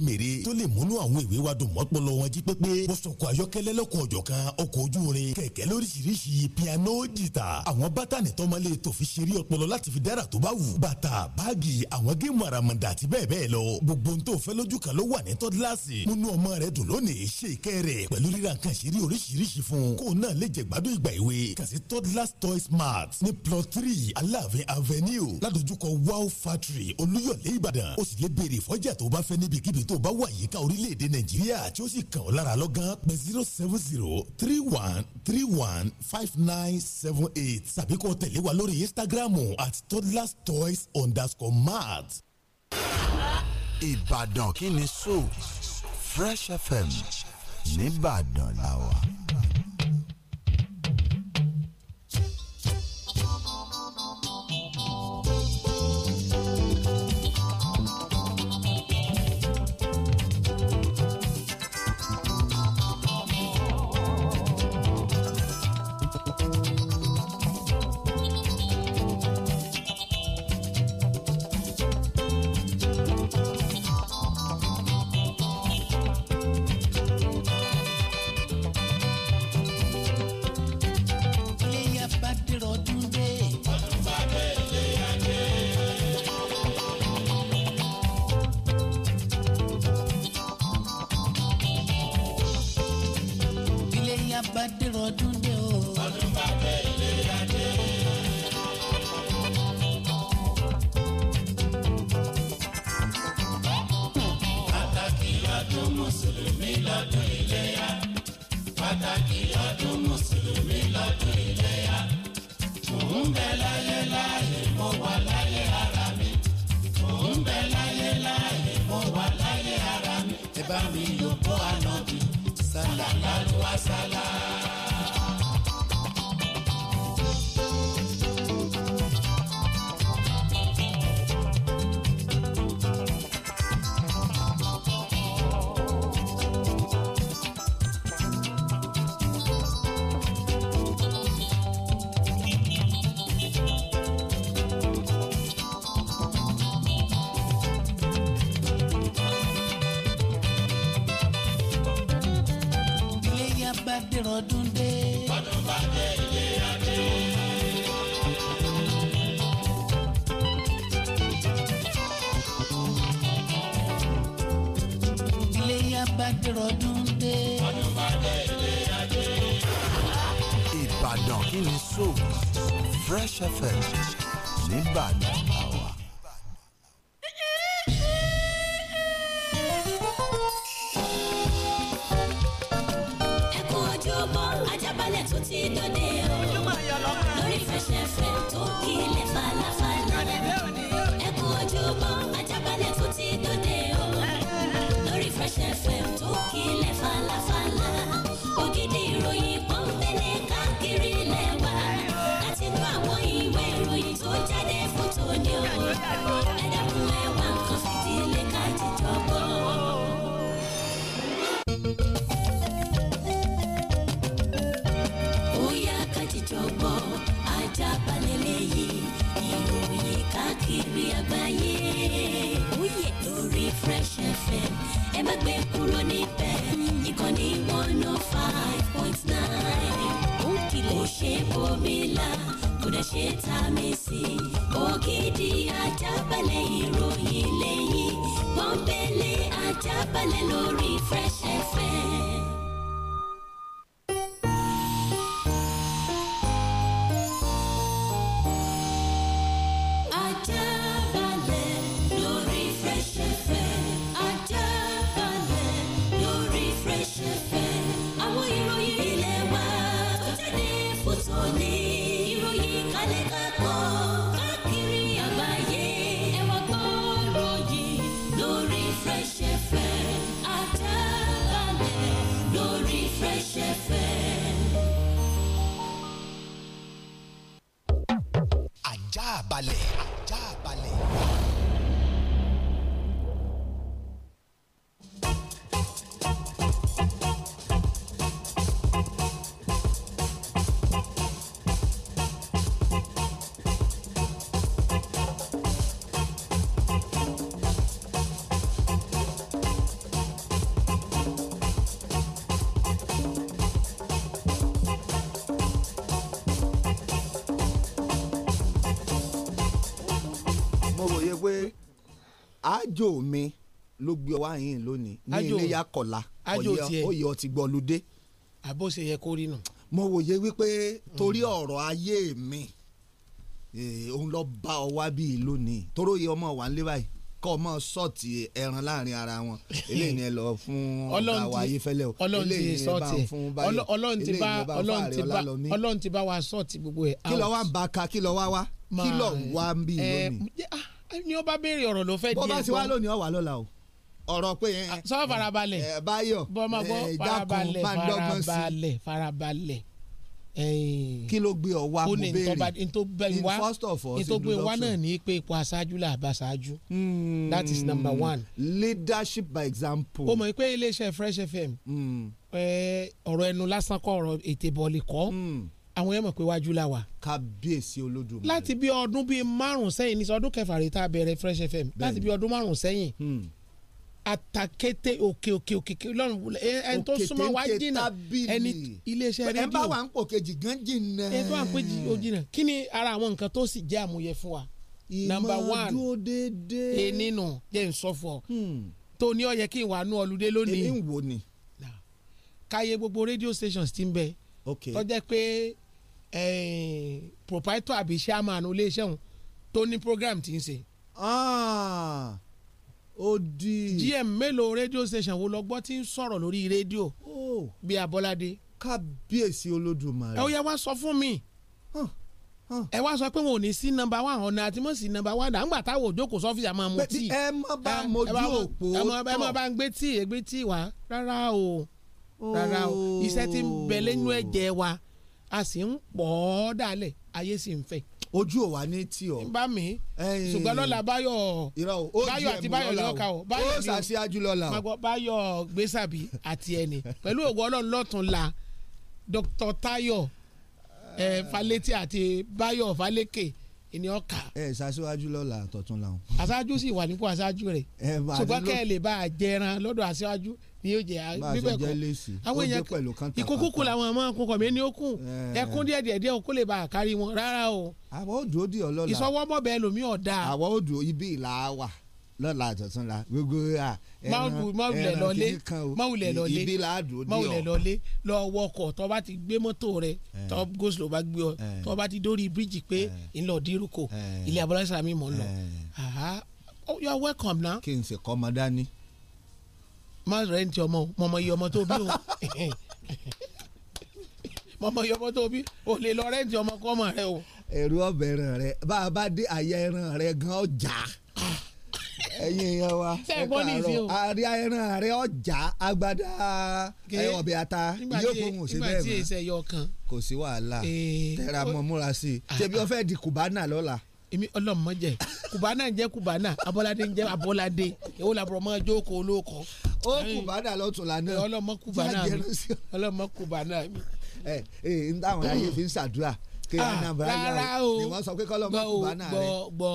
mere. kún fún múnú àwọn ìwé wa dùn mọ́pọlọ wọn jí pépé wọ́n sọ̀kò ayọ́kẹ́lẹ́ lọ́kọ̀ ọ̀jọ̀kan ọkọ̀ ojú irin kẹ̀kẹ́ lóríṣiríṣi piano jìtà àwọn bátànì tọ́mọlé tó fi ṣeré ọpọlọ láti fi dára tó bá wù bàtà báàgì àwọn géèmù àràmàǹdà àti bẹ́ẹ̀ bẹ́ẹ̀ lọ gbogbo n tó fẹ́ lójú kan ló wà ní tọ́dílàsì múnú ọmọ rẹ dùn lónìí ṣe ìkẹ́ rẹ̀ pẹ̀lú ríra nǹkan ṣeré oríṣiríṣi fún kó náà lè jẹ gbádùn ìgbà ìwé kàṣí tọ́dílàs toy smart ní plot three aláàfin avenue ládojúkọ wow factory olúyọ̀lé ìbàdàn ó sì lè béèrè fọ́jà tó bá fẹ́ níbikíbi tó bá wà yíká orílẹ̀-èdè nàìjíríà tí ó sì kàn ọ́ lára lọ́gán pé zero seven zero three one three one five nine seven eight tàbí kó tẹ̀lé wa lórí instagram at toddlers toys underscore mart. ìbàdàn kí ni so fresh fm nìbàdàn làwà. àjò mi ló gbé ọwọ́ àyìn lónìí ní ilé yakọ̀la oyè ọtí gbọ́ludé. àbó ṣe yẹ kó rí nù. mo wòye wípé mm. torí ọ̀rọ̀ ayé mi òun lọ bá ọ wá bíi lónìí toró yẹ ọmọ wa nílé báyìí kọ́ ọmọ sọ́ọ̀tì ẹran láàrin ara wọn eléyìí ni ẹ lọ fún ọba wa ayéfẹ́lẹ́ o eléyìí ni ẹ bá fún báyìí eléyìí ni ẹ bá fún ààrẹ ọlálọ́mí. ọlọ́run ti bá wa sọ́ọ̀tì gbogbo ẹ̀. kí ló wá ba ka kí ló wá wá kí ló wá ń lónìí. Ah, ni ó bá béèrè ọ̀rọ̀ ló fẹ́ di ẹ̀kọ́ bọ́bá sì wá lónìí ọ̀wà lọ́la o ọ̀rọ̀ pé ah, eh, sọ farabalẹ̀ eh, báyọ̀ ẹ dákun pandọ́gbọ́n farabalẹ̀ farabalẹ̀ eh, kí ló gbé ọ wá béèrè in first of all in tó gbé wa náà ní pé ipò aṣáájú là bá aṣáájú hmm. that is number one. leadership by example. o mọ̀ pé iléeṣẹ́ Fresh FM hmm. ọ̀rọ̀ ẹnu lásán kọ́ ọ̀rọ̀ ètè bọ̀ọ̀lì kọ́ hmm àwọn yẹn mọ̀ pé wájú la wà. kábíyèsí olódùmarè. láti bí ọdún bíi márùn sẹ́yìn ní ọdún kẹfà rèé tá a bẹ̀rẹ̀ fresh fm láti bí ọdún márùn sẹ́yìn hmm. àtàkété òkè òkè òkè lọ́rùn ẹni tó súnmọ́ wá jìnnà ẹni iléeṣẹ́ rédíò ẹ bá wà ń pò kejì gan jìnnà. ẹ tó wà ń pè jì ó jìnnà kí ni ara àwọn nǹkan tó sì jẹ́ àmúyẹ fún wa. ìmọ̀ dúró déédéé. e nínú jẹ́ n sọ fún ọ. Hmm. tó ní ó yẹ kí n wà nú ọlùdé lónìí. èmi ń wò ni. káyé gbogbo rédíò stations ti ń bẹ. ok tó jẹ́ pé Eh, proprietor àbí chairman iléeṣẹ́ òun tó ní program ti ń ṣe. Ah, ó di. gm mélòó rédíò station wo lọ gbọ́ tí ń sọ̀rọ̀ lórí rédíò oh. bíi Abọ́ládé. kábíyèsí olódùmarè. ẹ ó yẹ wá sọ fún mi ẹ wá sọ pé wọn ò ní sí nọ́mbà wa ọ̀nà àti mọ̀ sí nọ́mbà wa dàgbà táwọn òjókòó sọ́fíìsì àmọ́ mu tíì. ẹ má bá mojú òpó tọ̀ ẹ má bá ń gbé tíì ẹ gbé tíì wá rárá o rárá o iṣẹ́ tí ń bẹ lẹ́nu ẹ̀jẹ̀ wa a sì ń pọ̀ ọ́ dálẹ̀ ayé sì ń fẹ́ ojú ò wá ní tí ọ. bá mi ṣùgbọ́n lọ́la báyọ̀ báyọ̀ àti báyọ̀ lọ́ka o báyọ̀ ni o ṣàṣíájú lọ́la o báyọ̀ gbèsàbí àti ẹni pẹ̀lú ògo ọlọ́run la Dr. Tayo Faleti àti Báyọ̀ Faleke ìní ọkà. ẹ ṣaṣíwájú lọ́la àtọ̀tún làwọn. aṣáájú sì wà nípò aṣáájú rẹ̀ ṣùgbọ́n kẹ́ ẹ lè bá a jẹran lọ́dọ̀ aṣáájú ni yóò jẹ bíbẹ̀ kọ́ àwọn èèyàn ìkókókó làwọn ọmọ akókò mi ní ó kùn ẹkún díẹ̀ díẹ̀ díẹ̀ kó lè bá a wọn rárá o. àwọn ò di ọlọ́la ìsọwọ́mọ̀ bẹ́ẹ̀ lomi ọ̀dà. àwọn ò ibi ìlà wà lọ́la àtọ̀tún la gbogbo à ẹran kìíní kan ibi là á di ọ. mọ̀wùlẹ̀ lọ́lé lọ wọkọ̀ tó bá ti gbé mọ́tò rẹ tó goslo bá gbé ọ tó bá ti dórí bíríjì pé ńlọ ilé abọ́lá sàmì mọ̀ lọ. Oh, you are welcome kí n sì kọ́ ọmọ dání má rẹ́ǹtì ọmọ o mọ̀mọ́ iye ọmọ tó bí o mọ̀mọ́ iye ọmọ tó bí o lè lọ rẹ́ǹtì ọmọ kọ́ ọmọ rẹ o. ẹ̀rú ọbẹ̀ ẹran rẹ bá a bá dé àyà ẹran rẹ gan ọjà ẹ̀yin èèyàn wa ẹ káàárọ̀ àrí ẹran rẹ ọjà agbada ọbẹ̀ ata yóò kó òun ṣe bẹ́ẹ̀ mọ́ kò sí wàhálà tẹra mọ́ múra sí i ah, ṣebí o ah. fẹ́ di kùbánà lọ́la èmi ọlọ́mọ jẹ kùbánà jẹ kùbánà abọ́ládé jẹ abọ́ládé èwo làbọ̀rọ̀ mọ́ jókòó olóòkọ́. ó kùbánà lọ́tún lánà ọlọ́mọ kùbánà mi ọlọ́mọ kùbánà mi. ẹ ẹ n táwọn ayé fi ń ṣàdúrà kéèyàn ah, náà bá yà ó ni wọ́n sọ pé kọ́lọ́mọ kùbánà rẹ. gbọ́ gbọ́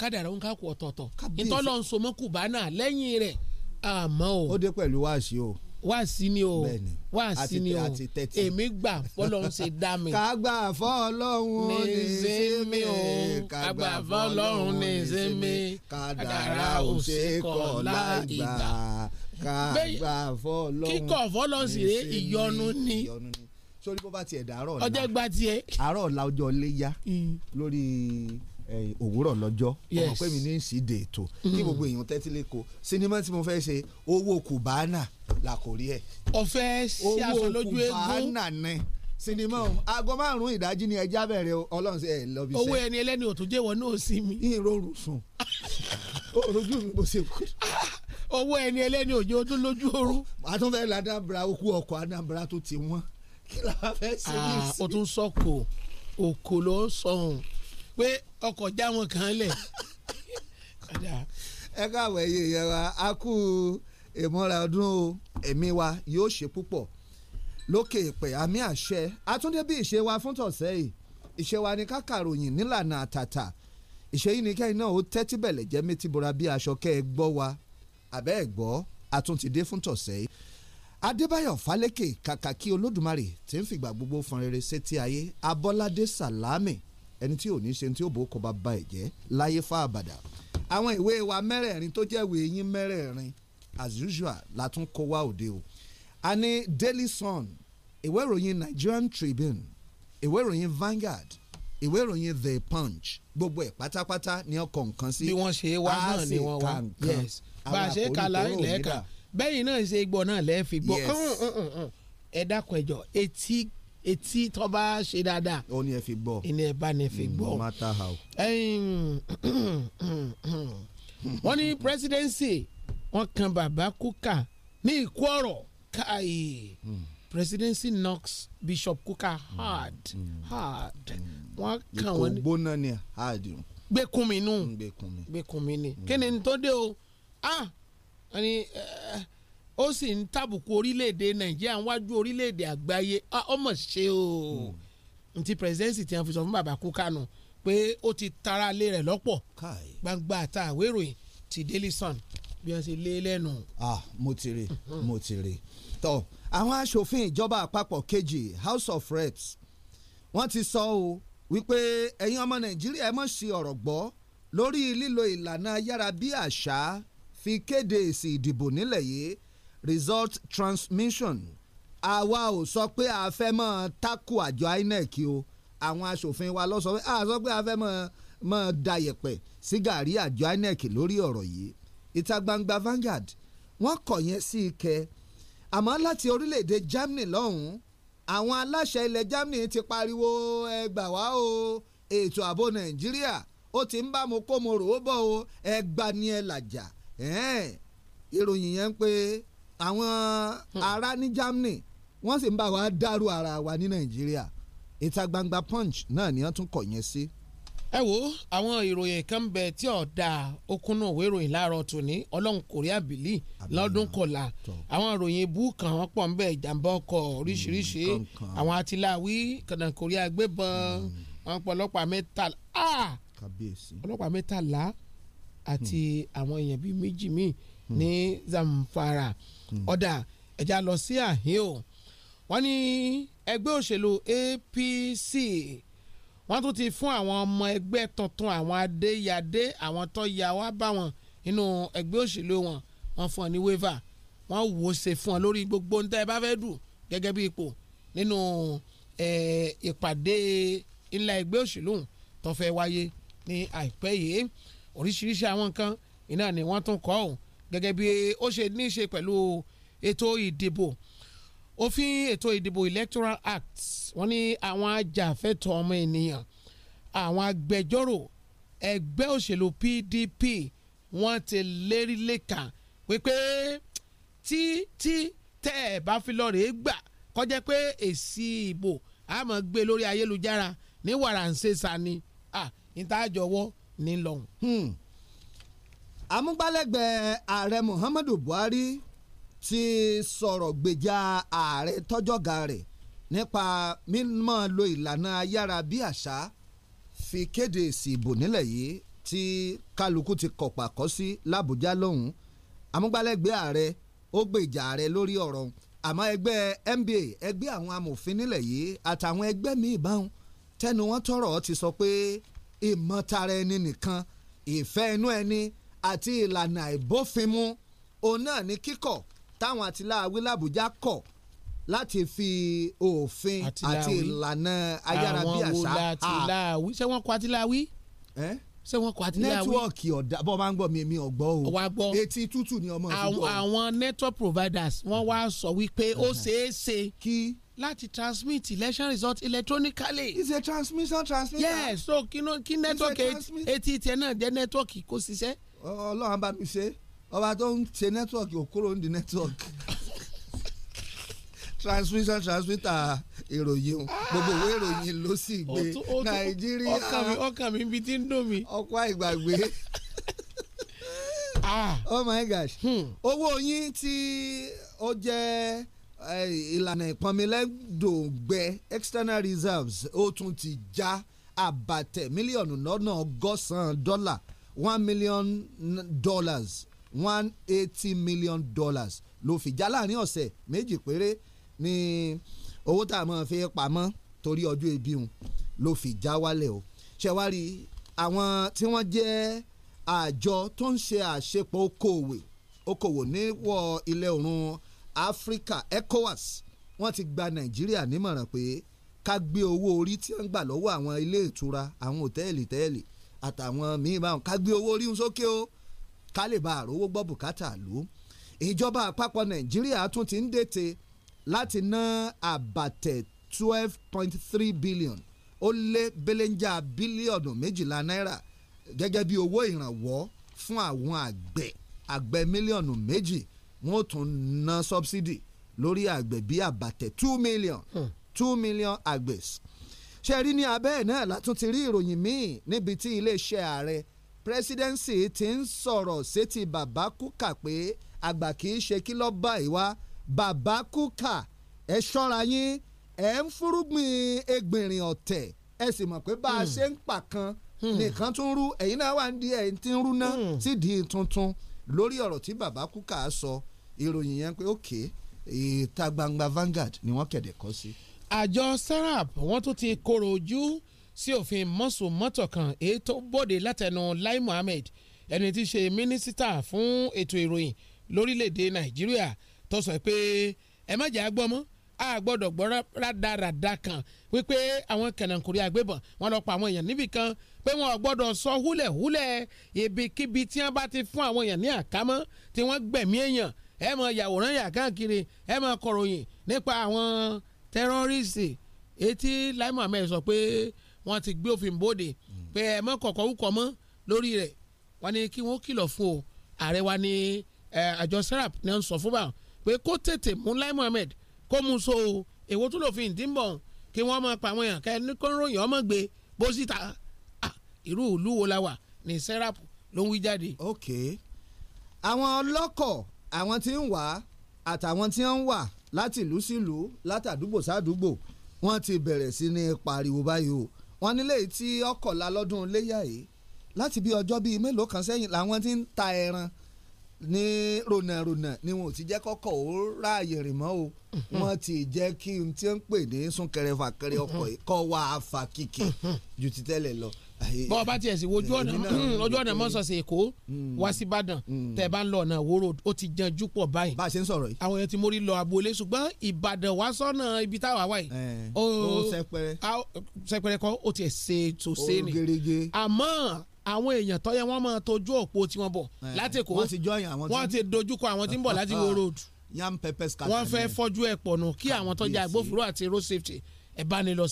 kádàrá ń kákò ọ̀tọ̀ọ̀tọ̀ ìtọ́lọ́ kùbánà lẹ́yìn rẹ̀ àmọ́ o. ó dé pẹ̀lú wáàsí wá sí ni o wá sí ni o èmi gbà fọlọ́run ṣe dá mi. ká gbà fọlọ́run ní sinmi o ká gbà fọlọ́run ní sinmi kádàrá ò ṣe kọ̀ láìgbà ká gbà fọlọ́run kíkọ̀ fọlọ́run sì ré ìyọnu ni sórí bó bá tiẹ̀ dàárọ̀ ọ̀la ọjọ́ gba tiẹ̀ àárọ̀ ọ̀la ọjọ́ léyà mm. lórí òwúrọ̀ lọ́jọ́ ọmọ pé mi ní ìsídẹ̀ẹ́ ètò kí mm. gbogbo èèyàn tẹ́tí lé ko sinimá tí mo fẹ́ ṣe owó kùbánà làkòrí ẹ̀. ọ̀fẹ́ sí aṣọ lójú eégún owó kùbánà ni sinimá o aago márùn-ún ìdájí ni ẹja bẹ̀rẹ̀ ọlọ́run ṣe ẹ̀ lọ́bi iṣẹ́. owó ẹni ẹlẹ́ni òtúnjẹ́ wọ náà sí mi. ìrorùn sùn òrojú mi bó ṣe kú owó ẹni ẹlẹ́ni òjò ọdún lójú oorun. a tún fẹ́ la Anambra okú ọkọ̀ Anambra tó ti wọ́n kí la fẹ́ ṣe ní ah, ìsìn. o tún sọ̀kò òkò ló sọ̀hún pé ọkọ̀ já wọn kàn án lẹ̀. ẹ káwọ ẹyẹ ìyẹn wa a kú ìmúra ọdún o ẹ̀mí wa yóò ṣe púpọ̀ lókè ìpè àmì àṣẹ àtúndé bí ìṣe wa fún tọ̀sẹ̀ yìí ìṣe wa ni kákàròyìn nílànà àtàtà ìṣe yìí ni kẹ́yìn náà ó tẹ́tí bẹ̀lẹ̀ jẹ́ méjì bora bí aṣọ kẹ́ ẹ gbọ́ wa àbẹ́ ẹ̀ gbọ́ àtúntìdé fún tọ̀sẹ̀ yìí adébáyọ̀ fálékè kàkà kí olódùmarè tí ń fìgbà gbogbo fọn rere sétí ayé abọ́ládé sàlámì ẹni tí ò ní ṣe tí ó bò kọ́ bá ba ẹ̀ láyé fá àbàdà àwọn ìwé wa mẹ́rẹ̀ẹ̀rin tó jẹ́ ìwé yín mẹ́rẹ̀ẹ̀rin as usual la tún kó wá òde o a ní Daily Sun ìwé ìròyìn Nigerian Tribune ìwé ìròyìn Vanguard ìwé ìròyìn The Punch gbogbo ẹ̀ pátápátá ni ọkọ̀ nǹkan sí. bí wọ́n ṣe wá náà ni wọ́n wá yes bá a ṣe kàlà ilẹ̀ kan bẹ́yìn náà ṣe gbọ́ náà lẹ́ẹ̀ gbọ́ ẹ dákun ẹjọ́ etí etí tó bá ṣe dáadáa. ó ní ẹ fi gbọ́. ìní ẹ bá ní ẹ fi mm, gbọ́. no matter how. wọ́n ní presidency wọ́n kan bàbá kúkà ní ìkú ọ̀rọ̀ káyé mm. presidency knocks bishop kuka hard mm. mm. hard wọn kàn wọn ni. gbóná ni hard. gbẹkùnmí nù gbẹkùnmí ni kí ni n tó dé o ah wọ́n ní. Uh, ó sì ń tàbùkù orílẹ̀-èdè nàìjíríà níwájú orílẹ̀-èdè àgbáyé ọmọ ah, ṣe o ntí presidency ti hàn fi sọ fún bàbá kúkánù pé ó ti tara lé rẹ̀ lọ́pọ̀ gbangba àtàwé ìròyìn ti daily sun bí wọ́n ṣe lé e lẹ́nu. ah mo ti rè hmm. mo ti rè tọ àwọn aṣòfin ìjọba àpapọ̀ kejì house of reps wọ́n ti sọ o wípé ẹ̀yin ọmọ nàìjíríà ẹ mọ̀ sí ọ̀rọ̀ gbọ́ lórí lílo ìlànà ayára bí àṣá fi kéde èsì ìdìbò nílẹ̀ yìí result transmission àwa ò sọ pé a fẹ́ mọ́ tako àjọ INEC o àwọn aṣòfin wa lọ sọ pé a sọ pé a fẹ́ mọ́ mọ́ dayẹ̀pẹ̀ sí gàrí àjọ INEC lórí ọ̀rọ̀ yìí ìta gbangba Vanguard wọ́n kọ̀ yẹn sí ike àmọ́ láti orílẹ̀-èdè Germany lọ́hùn-ún àwọn aláṣẹ ilẹ̀ Germany ti pariwo ẹ wá o ètò ààbò Nàìjíríà ó ti ń bá mo kó mo rò ó bọ̀ o ẹ gbani ẹ làjà ìròyìn yẹn ń pé àwọn hmm. ará ní Germany wọ́n sì ń bá wa dàrú ara wa ní Nàìjíríà ìta gbangba punch náà ni wọ́n tún kọ̀ yẹn sí. ẹ wo àwọn ìròyìn kan bẹ tí ò dáa okun náà òwe ìròyìn láàárọ̀ tòní ọlọ́run kòrí àbílí lọ́dún kọ̀la àwọn ìròyìn ibú kan wọ́n pọ̀ ń bẹ ìjàmbá ọkọ̀ oríṣiríṣi hmm, àwọn atiláwí kànáà kòrí agbébọn hmm. àwọn ọlọ́pàá mẹ́tàlá ah! ọlọ́pàá mẹ́tàlá àti àwọn èèyàn bíi méjì míì Hmm. ní Zamfara hmm. ọ̀dà ẹ̀já lọ sí àhín o wọ́n ní ẹgbẹ́ òṣèlú APC wọ́n tún ti fún àwọn ọmọ ẹgbẹ́ tuntun àwọn adéyadé àwọn tó ya wá bá wọn nínú ẹgbẹ́ òṣèlú wọn wọ́n fún ọ ní wévà wọ́n wò ṣe fún ọ lórí gbogbo níta ẹ bá fẹ́ dù gẹ́gẹ́ bí ipò nínú ìpàdé ńlá ẹgbẹ́ òṣèlú tó fẹ́ wáyé ní àìpẹ́ yìí oríṣiríṣi àwọn nǹkan iná ni wọ́n tún kọ́ ọ́ gẹ́gẹ́ bí ó ṣe ní í ṣe pẹ̀lú ètò ìdìbò òfin ètò ìdìbò electoral act wọ́n ní àwọn ajàfẹ́tọ̀ ọmọ ènìyàn àwọn agbẹjọ́rò ẹgbẹ́ òṣèlú PDP wọ́n ti lérí lẹ́ka wípé tí tí tẹ́ ẹ̀ bá fi lọ́ọ́ rèé gbà kọjá pé èsì ìbò àmọ́ gbé lórí ayélujára ní wàrà ń sani ah ìtajọ̀wọ́ ní lọ́hùn. Hmm amúgbálẹ́gbẹ̀ẹ́ ààrẹ Muhammadu Buhari ti sọ̀rọ̀ gbèjà ààrẹ tọ́jọ́gà rẹ̀ nípa mímọ́ lo ìlànà ayára bí àṣá fi kéde èsì ìbò nílẹ̀ yìí tí kálukú ti kọ̀pà kọ́ sí làbújá lọ́hùn amúgbálẹ́gbẹ̀ẹ́ ààrẹ ó gbèjà ààrẹ lórí ọ̀rọ̀ àmọ́ ẹgbẹ́ NBA ẹgbẹ́ àwọn amòfin nílẹ̀ yìí àtàwọn ẹgbẹ́ míì báwọn tẹnu wọn tọrọ ti sọ pé ìmọ̀tara ẹni nìkan ìfẹ́ inú ẹni àti ìlànà àìbófinmu òun náà ní kíkọ̀ táwọn àtìláàwí làbújá kọ̀ láti fi òfin àti ìlànà ayárabíàṣá àtìláàwí ṣé wọ́n kọ àtìláàwí ṣé wọn kọ àtìláwí. nẹ́tíwọ́ọ̀kì ọ̀dà bọ́ máa ń gbọ́ mi mi ọ̀gbọ́ o. wà á gbọ́ etí tútù ni ọmọ ìṣubú àwọn network providers wọ́n wá sọ wípé ó ṣeé ṣe kí láti transmit election result electronically. is a transmission transmitter. yes so kí network etí tiẹ̀ náà jẹ́ network kó ṣiṣẹ́ ọlọ́run bá mi ṣe ọba tó ń ṣe network òkúrò ń di network transmission transmitter ìròyìn gbogbo ìwé ìròyìn ló sì gbé nàìjíríà ọkàn mi ọkàn mi ibi tí ń dùn mí. ọ̀pá ìgbàgbé ah. oh my gosh hmm. owó yín tí ó jẹ́ ìlànà ìpọnmilẹ́dògbẹ external reserves ó tún ti já àbàtẹ̀ mílíọ̀nù lọ́nà ọgọ́sàn-án dọ́là one million dollars one eighty million dollars ló fi já láàrin ọ̀sẹ̀ méjì péré ní owó tá a máa fi pamọ́ torí ọjọ́ ebi hùn ló fi já wálẹ̀ o ṣẹ̀wárí àwọn tí wọ́n jẹ́ àjọ tó ń ṣe àṣepọ̀ okòwò okòwò níwọ̀ ilẹ̀ oòrùn Áfíríkà ECOWAS wọ́n ti gba Nàìjíríà nímọ̀ràn pé ká gbé owó orí tí wọ́n gbà lọ́wọ́ àwọn ilé ìtura àwọn òtẹ́ẹ̀lì tẹ́ẹ̀lì àtàwọn míín báwọn ká gbé owó orí sókè o ká lè bá àròwó gbọ́ bùkátà lù ìjọba àpapọ̀ nàìjíríà tún ti ń dètè láti ná àbàtẹ̀ twelve point three billion ó lé belenja bílíọ̀nù méjìlá náírà gẹ́gẹ́ bí owó ìrànwọ́ fún àwọn àgbẹ̀ àgbẹ̀ mílíọ̀nù méjì wọ́n tún ná subsidy lórí àgbẹ̀ bíi àbàtẹ̀ two million hmm. two million àgbẹ̀ ṣe rí ní abẹ́ ẹ̀ náà látún ti rí ìròyìn míì níbi tí iléeṣẹ́ ààrẹ presidency ti ń sọ̀rọ̀ sétí bàbá kúkà pé àgbà kì í ṣe kí lọ́ọ́ bá ìwá bàbá kúkà ẹ ṣọ́ra yín ẹ ń fúrúgbìn egbìnrin ọ̀tẹ̀ ẹ sì mọ̀ pé bá a hmm. ṣe ń pa kan hmm. nìkan tún rú ẹ̀yin náà wà ń di ẹ̀yin tí ń rú náà hmm. sídìí tuntun lórí ọ̀rọ̀ tí bàbá kúkà sọ ìròyìn yẹn pé òkè ìta gbangba Vanguard ni wọ́n kéde kọ́ sí. Si àjọ serap wọ́n tún ti kóró ojú sí òfin mọ́sùmọ́tò kan èyí tó bòde látẹnu Lai Muhammed ẹni tí í ṣe mínísítà fún ètò ìròyìn lórílẹ̀‐èdè Nàìjíríà tó sọ pé ẹ má jẹ́ àgbọ́ mọ́ a gbọ́dọ̀ gbọ́ rádaràda kan wípé àwọn kẹ̀nàkùnrin àgbébọn wọ́n lọ pa àwọn èèyàn níbì kan pé wọ́n gbọ́dọ̀ sọ húlẹ̀húlẹ̀ ibikíbi tí wọ́n bá ti fún àwọn èèyàn ní àkámọ́ tí wọ́n gbẹ̀mí èèyàn ẹ máa yàwòrán yà káàkiri ẹ máa kọ̀ròyìn nípa àwọn tẹ́rọ́rìsì etí Lai Muhammed sọ pé wọ́n ti gbé òfin bóde pé ẹ mọ́ kọ̀kọ́ wúkọ̀ mọ́ lórí rẹ̀ wọ́n ni kí wọ́n kìlọ̀ fún o ààrẹ wa ní àjọ serap ní à ń sọ fún bá pé kó tètè mú Lai Muhammed kó mú so èwo tó lòfin ìdínbọ̀ kí wọ́n máa pa àwọn èèyàn kẹ́ ní kó ròyìn ọmọ gbé bó síta irú ìlú wo la wà ní serap ló ń wí jáde. ok àwọn ọlọ́kọ̀ àwọn tí ń wà àtàwọn tí ń wà láti ìlú sí ìlú látàdúgbò sádùúgbò wọ́n ti bẹ̀rẹ̀ sí ní pariwo báyìí o wọ́n nílé tí ọkọ̀la lọ́dún léyà yìí láti bí ọjọ́ bíi mélòó kan sẹ́yìn làwọn ti ń ta ẹran ní rònàrònà ni wọn ò ti jẹ́ kọ́kọ́ ó ráàyè rìn mọ́ o mm-hmm. wọ́n ti jẹ́ kí n ti ń pè ní súnkẹrẹfàkẹrẹ ọkọ̀ yìí kọ́ wa àfàkìkì ju ti tẹ́lẹ̀ lọ bọ́ọ̀ bá tiẹ̀ sí hmm, ojú ọ̀nà ojú ọ̀nà mọ́sọ̀sẹ̀ èkó hmm. wá sí ìbàdàn hmm. tẹ̀ bá ń lọ ọ̀nà ìwòrò ó ti janjú pọ̀ báyìí. bá a ṣe ń sọ̀rọ̀ yìí. àwọn yẹn ti mórí lọ agboolé ṣùgbọ́n ìbàdàn wá sọ́nà ibi táwa wà yìí. ó sẹpẹrẹ. sẹpẹrẹ kọ́ ó tiẹ̀ ṣe tó ṣe ni. ó gerege. àmọ́ àwọn èèyàn tó yẹ wọ́n máa tọ́jú òpó tí wọ́n bọ̀ láti èkó wọ́n ti dojúkọ àwọn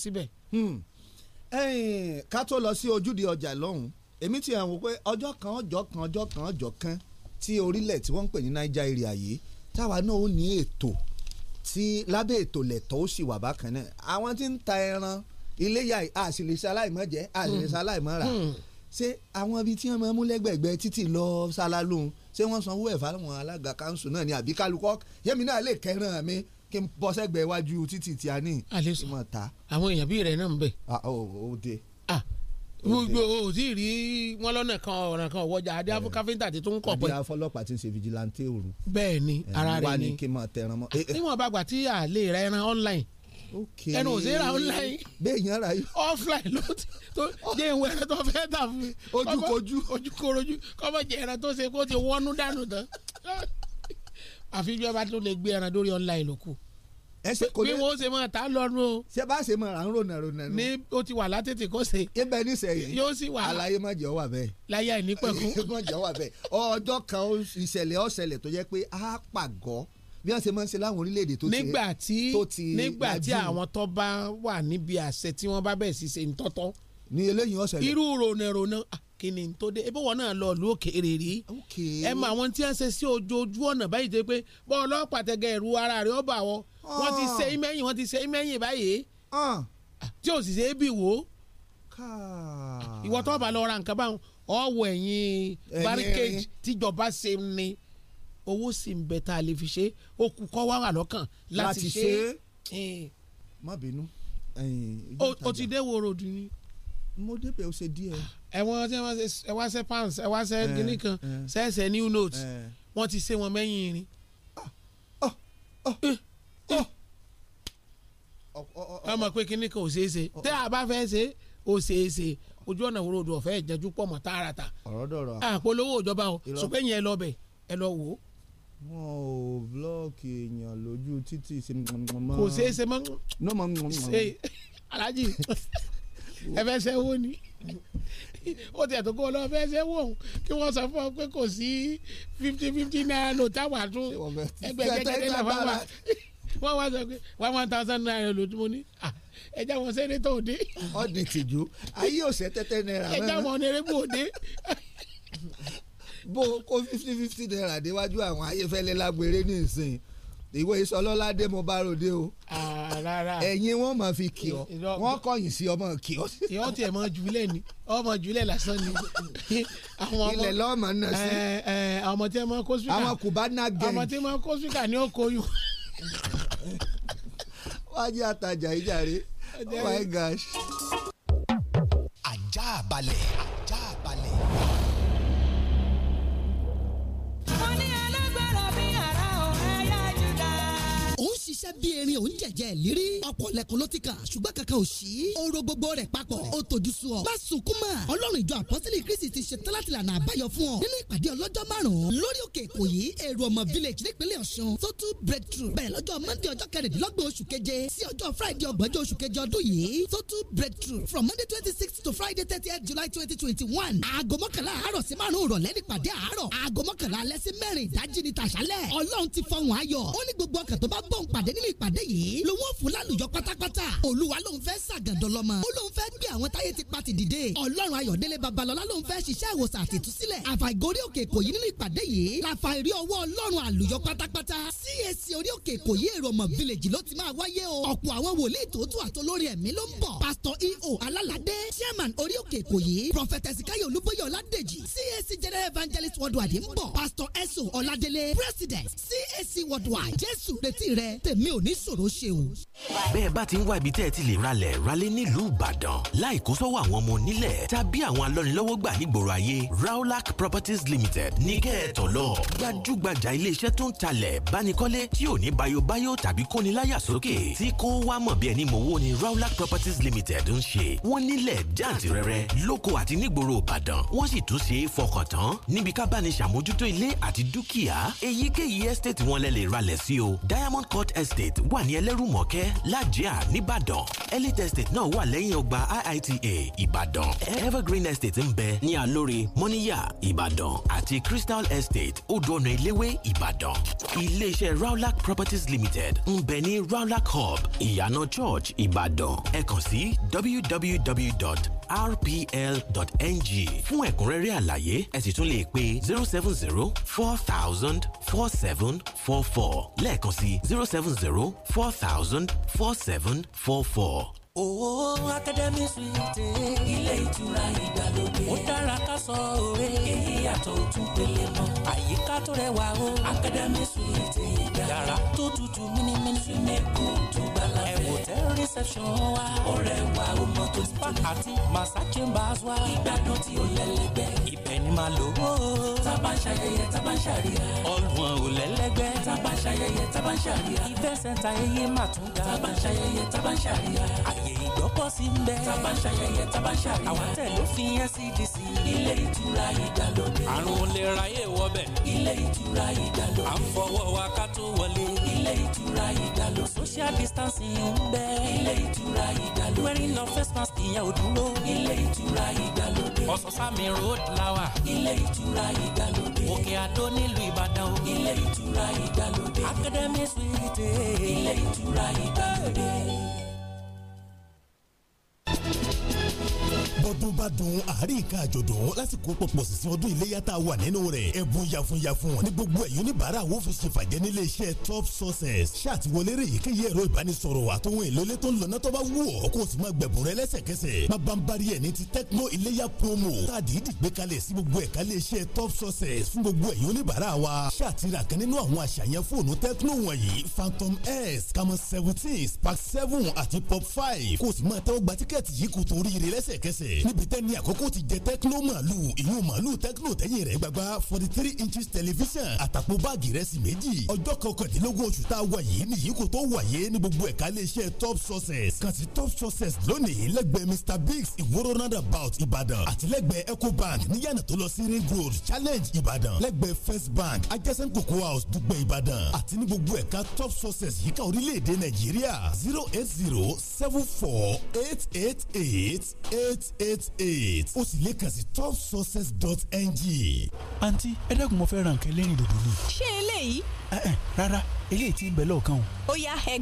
tí ń ká tó lọ sí ojúde ọjà lọ́hùn èmi ti hàn wò pé ọjọ́ kan ọjọ́ kan ọjọ́ kan ọjọ́ kan Ti orílẹ̀ tí wọ́n ń pè ní Nàìjíríà yìí táwa náà ó ní ètò tí lábẹ́ ètò lẹ̀tọ́ ó sì wà bákan náà àwọn tí ń ta ẹran iléyà àṣìlẹ̀ṣẹ̀ aláìmọ̀ jẹ́ àṣìlẹ̀ṣẹ̀ aláìmọ̀ rà hmm. ṣé àwọn ibi tí wọ́n máa mú lẹ́gbẹ̀gbẹ́ títì lọ sálálóhun ṣé wọ́n sanwó ẹ̀fà àwọn alága kanṣu náà ni àbí kálukọ́ yẹ́mi náà lè kẹ́ràn mi kí n bọ́ sẹ́gbẹ̀ẹ́ iwájú títì tí a ní ìmọ̀ ta. àwọn èèyàn bíi rẹ̀ náà ń bẹ̀. o de. gbogbo o ti rí wọn lọ́nà kan ọ̀ràn kan ọ̀wọ́jà adé afọ eh. káfíńtà ti tún kọ̀ pé. adé afọ ọlọ́pàá ti ń ṣe fìjìláńtì òru. bẹ́ẹ̀ ni eh, ara rẹ̀ ni wà ní kí n máa tẹran mọ́. Eh, níwọ̀n bá gbà tí àlè rẹ̀ ẹran online okay ẹnu òsè ra online bẹ́ẹ̀ yẹn ra yìí offline ló ti tó jẹ́ ìwé ẹran tó fẹ́ tà fún mi ojúkojú ojúkorojú kọ́mọ jẹ́ ẹran tó ṣe kó ti wọ́nú dànù tán àfi ìjọba tó lè gbé ẹran lórí online ló kù ẹsẹ kò lè bí wọn ṣe máa ta lọ́nu o. ṣé bá ṣe máa ràn rònà rònà nù. ní o ti wà látètè kó ṣe. ibẹ̀ nísẹyìn yóò sì wà. àlàyé má jẹ́ wà bẹ́ẹ̀. láyé àìnípẹ̀kún. àlàyé má jẹ́ wà bẹ́ẹ̀. ọjọ́ kan ìṣẹ̀lẹ̀ ọ̀ṣẹ̀lẹ̀ tó jẹ́ pé a pàgọ́ bí wọ́n ṣe máa ń ṣe láwọn orílẹ̀-èdè tó ti nígbà tí nígbà tí àwọn tó bá wà níbi àṣẹ tí wọ́n bá bẹ̀ sí ṣe ń tọ́tọ́. ní eléyìí ọ̀ṣẹ̀lẹ̀ irú rònà rònà kí ni tó dé ebó wọn náà lọ ìlú òkèèrè rí ẹ mọ àwọn tí wọ́n ṣe sí ojú ọ̀nà báyìí tó pé bọ́ ọlọ́pàá tẹ̀gẹ̀ ẹ̀rú ara rẹ̀ ó bà wọ́n wọ́n ti ah. ṣe é mẹ́yìn wọ́n ti ṣe é mẹ́yìn báyìí ah. Ah, tí ò sì ṣe é bì wò ó ìwọ tó bá lọ ra nǹkan báwọn ọ̀wọ̀ ẹ̀yìn barricade tíjọba ṣe ni owó sì ń bẹ tá a lè fi ṣe ó kú kọ́ wá wà lọ́kàn láti ṣe eh. má bínú. o ti dé wo ròdù ni mo débẹ̀ ọ̀sẹ̀ díẹ̀. ẹ̀wọ̀n tí wọ́n ṣe ẹ wá ṣe pounds ẹ wá ṣe gíní eh, kan eh. ṣẹ̀ṣẹ̀ new note eh. wọ́n ti ṣe wọn mẹ́yìn irin. ọmọ ah, ah, ah, pé kíní kan ò ṣeé ṣe tẹ́ a bá fẹ́ ṣe ó ṣeé ṣe ojú ọ̀nà wo odò ọ̀fẹ́ ìjẹ́jú pọ̀ mọ́ tààràtà. ọ̀rọ̀ dọ̀rọ̀ àpolówó ìjọba o sùpẹ́yìn ẹ lọ bẹ̀ ẹ lọ wò ó wọn ò blọọkì èèyàn lójú títì ṣe mọ. kò ṣeé ṣe mọ. ní ọmọ mi mọ. ṣe alájì ẹ fẹ́ sẹ́wó ni ó tiẹ̀ tó kó lọ fẹ́ sẹ́wó òun kí wọ́n sọ fún ọ pé kò sí fifty fifty naira ló táwa tún ẹgbẹ́ náà wá wá wọ́n wá sọ pé one one thousand naira ló tún mo ní ẹja wọn sẹ́nẹ́tọ̀ òde. ọ̀dì tìjú ayé òsè tẹ́tẹ́ náírà mẹ́rin. ẹja wọn onírèbù òde bó kó fifty fifty naira déwájú àwọn ayéfẹ́lẹ́ lágbèrè ní ìwé ìsọlọ́ládé mo bá ròde o ẹ̀yin wọn máa fi kì ọ́ eh, wọn kọ̀yìn sí ọmọ kì ọ́. ìyọ́ tiẹ̀ mọ jùlẹ̀ ni ọmọ jùlẹ̀ lásán ni. ilẹ̀ lọ́ọ̀mọ náà sí. Eh, eh, ọmọ tí wọn kó síkà àwọn kùbánà gẹ̀ẹ́ ọmọ tí wọn kó síkà ni ó koyún. wọ́n á jẹ́ àtàjà ìjàre oh my gosh. ajá balẹ̀. jẹ̀jẹ̀ ìlérí ọ̀pọ̀ lẹ̀kọ́ ló ti kà ṣùgbọ́n kankan ò sí oró gbogbo rẹ̀ papọ̀ ó tojú sú ọ. má sunkún mọ́ ìjọ àpọ́sílẹ̀ kristi ti ṣe tẹ́lá tìlànà àbáyọ fún ọ nínú ìpàdé ọlọ́jọ́ márùn-ún lórí òkè ìkòyí èrò ọmọ village nípínlẹ̀ ọ̀ṣun tó breakthrough bẹ́ẹ̀ lọ́jọ́ monday ọjọ́ kẹrìndínlọ́gbọ̀n oṣù keje sí ọjọ́ friday ọgbọ̀njọ́ oṣù keje ọdún yìí tó breakthrough from monday twenty six to friday thirtieth july twenty twenty one aago mọ́kànlá àárọ̀ sí márùn-ún ìrọ̀lẹ́ nípàdé àárọ̀ aago mọ́kànlá alẹ́ sí mẹ́rin ìdájí ni tàṣálẹ̀ ọlọ́run ti fọhùn ayọ̀ ó ní gbogbo ọkàn tó bá gbóhùn pàdé nínú ìpàdé yìí yìí lòun ò fún lálùjọ pátápátá olúwa lòun fẹ́ ṣàgàdọ̀ lọ́mọ ó lòun fẹ́ gbé àwọn táyé ti pa ti dìde ọlọ́run ayọ̀délé babalọ́lá lòun fẹ́ ṣiṣẹ́ ìwòsàn àtìtúsílẹ̀ àfàìgórí òkè èkó yìí nínú ìpàdé yìí làfà ìrí ọwọ́ ọlọ́run àlùyọ pátápátá CAC orí òkè èkó yìí èrò ọmọ village ló ti máa wáyé o ọ̀pọ̀ àwọn wòlíì tòótọ́ àtolórí ẹ̀mí ló ń bọ̀ pásítọ̀ EO alálàdé chairman orí òkè èkó yìí prophet ezekiel olúbóyè ọládèjì CAC general evangelist worldwide ń bọ̀ pásítọ̀ eso ọládélé president CAC worldwide jésù retí rẹ tèmi ò ní sọ̀rọ̀ ṣ ṣeun. bẹ́ẹ̀ bá ti ń wá ibi tẹ́ ẹ ti lè ralẹ̀ ralé nílùú ìbàdàn láì kó sọ́wọ́ àwọn ọmọ onílẹ̀ tàbí àwọn alọ́nilọ́wọ́ gbà nígboro ayé Raulac Properties Limited ní kẹ́ẹ̀tọ́ lọ. gbajúgbajà iléeṣẹ́ tó ń talẹ̀ bánikọ́lé tí ò ní bayobayo tàbí kóniláyà sókè tí kò wá mọ̀ bí ẹni mọ̀wó ni Raulac Properties Limited ń ṣe. wọ́n nílẹ̀ jàǹtìrẹrẹ lóko àti nígboro ìbàdàn wọ́n sì tún ṣe é fọkàn tán níbi ká bá ní ṣàmójútó ilé àti dúkìá estate wọn lẹ Diamond Court Estate wà adẹrùmọ̀kẹ́ lajia nìbàdàn elite estate náà wà lẹ́yìn ọgbà iita ìbàdàn evergreen estate ń bẹ ní alórí mọ́níyà ìbàdàn àti crystal estate odòọ̀nà eléwé ìbàdàn iléeṣẹ́ Rawlac properties limited ń bẹ ní Rawlac hub ìyànà church ìbàdàn ẹ kàn sí www.rpl.ng fún ẹ̀kúnrẹ́rẹ́ àlàyé ẹ sì tún lè pe zero seven zero four thousand four seven four four lẹ́ẹ̀kan sí zero seven zero four thousand. 1000 4744. Owó Akademi Ilé ìtura ìgbàlódé. Ó dára ká sọ òwe. Èyí yàtọ̀ òtún pélé mọ́. Àyíká tó rẹwà o. Akademi Suite ìgbà. Yàrá tó tutù mímímí. Súnmẹ́kù tó gbàlá fẹ́. Ẹ̀wò tẹ́ rìsẹ̀pṣọ̀n wa. Ọ̀rẹ́ wa ó mọ tó ti tó. Àti Massa Chambers wa. Ìgbádùn tí ó lẹ́lẹ́gbẹ́. Ibẹ̀ màá lò Tábà ń ṣayẹyẹ, tábà ń ṣàríyá. Ọlùwọ̀n ò lẹ́lẹ́gbẹ́ ń ṣàríyá. ìfẹsẹ̀ta ẹyẹ mà tún ga. tá bá ń ṣayẹyẹ tá bá ń ṣàríyá. àyè ìgbọ́kọ̀sí ń bẹ. tá bá ń ṣayẹyẹ tá bá ń ṣàríyá. àwọn tẹ̀ ló fi NCDC. ilé ìtura ìdàlódé. àrùn olè ráyè wọbẹ̀. ilé ìtura ìdàlódé. à ń fọwọ́ wa ká tó wọlé. ilé ìtura ìdàlódé. social distancing ń bẹ. ilé ìtura ìdàlódé. wearing of face mask ìyẹn ò dúró. ilé ìtura ìgbàlódé. ọ̀sán-sámi road lawa. ilé ìtura ìgbàlódé. òkè àdó nílùú ìbàdàn o. ilé ìtura ìgbàlódé. academy suite. ilé ìtura ìgbàlódé bọ́dún bá dùn àárín ìka àjọ̀dún lásìkò pọ̀pọ̀ sísìn ọdún iléyà tá a wà nínú rẹ̀ ẹ̀bùn yàfùnyàfùn ní gbogbo ẹ̀yọ́ oníbàárà wo fi ṣèfàjẹ́ nílé iṣẹ́ top sources ṣàtiwọlé rè yìí kéye ẹ̀rọ ìbánisọ̀rọ̀ àtòwọn èlò ilé tó ń lọ náà tó bá wù ọ́ kó o sì máa gbẹ̀bùn rẹ lẹ́sẹ̀kẹsẹ̀ bábánbárí ẹ̀ ní ti tecno iléyà promo táàdì ìdìgbé kalẹ̀ sí gbogbo ẹ̀ka ilé iṣẹ́ top sources fún gbogbo ẹ̀yọ́ wa ṣàtìrà phantom s camon seventeen spark seven àti pop five kó o sì máa tẹ́wọ́ gba tíkẹ́ẹ̀tì yìí kó torí rẹ lẹ́sẹ̀kẹsẹ̀ lọ́sẹ̀ níbi tẹ́ni àkókò ti jẹ tẹ́kínó màálù ìyún màálù tẹ́kínó tẹ́yìn rẹ̀ gbagba forty three inches television àtàkù báàgì rẹsì méjì ọjọ́ kọkàndínlógún oṣù tá a wà yìí nìyí kò tó wà yé ní gbogbo ẹ̀ka iléeṣẹ́ top success kàn sí top success lónìí lẹ́gbẹ̀ẹ́ mr biggs ìwóró roundabout ìbàdàn àtìlẹ́gbẹ̀ẹ́ ecobank níyànà tó lọ sí ring road challenge ìbàdàn lẹ́gbẹ̀ẹ́ first bank adjacent cocoa house dùgbẹ̀ ìbàdàn àti ní gbogbo ẹ̀ka top success yíká orílẹ̀-èdè nàìjíríà zero eight zero seven four eight eight eight eight eight eight eight ó sì lè kàn sí topsources.ng. àǹtí ẹ dákun mo fẹ́ ra nǹkan lẹ́yìn dòdò ni. ṣé eléyìí. Eh, eh, rárá eléyìí ti ń bẹ lọ́ọ̀kan o. ó yá ẹ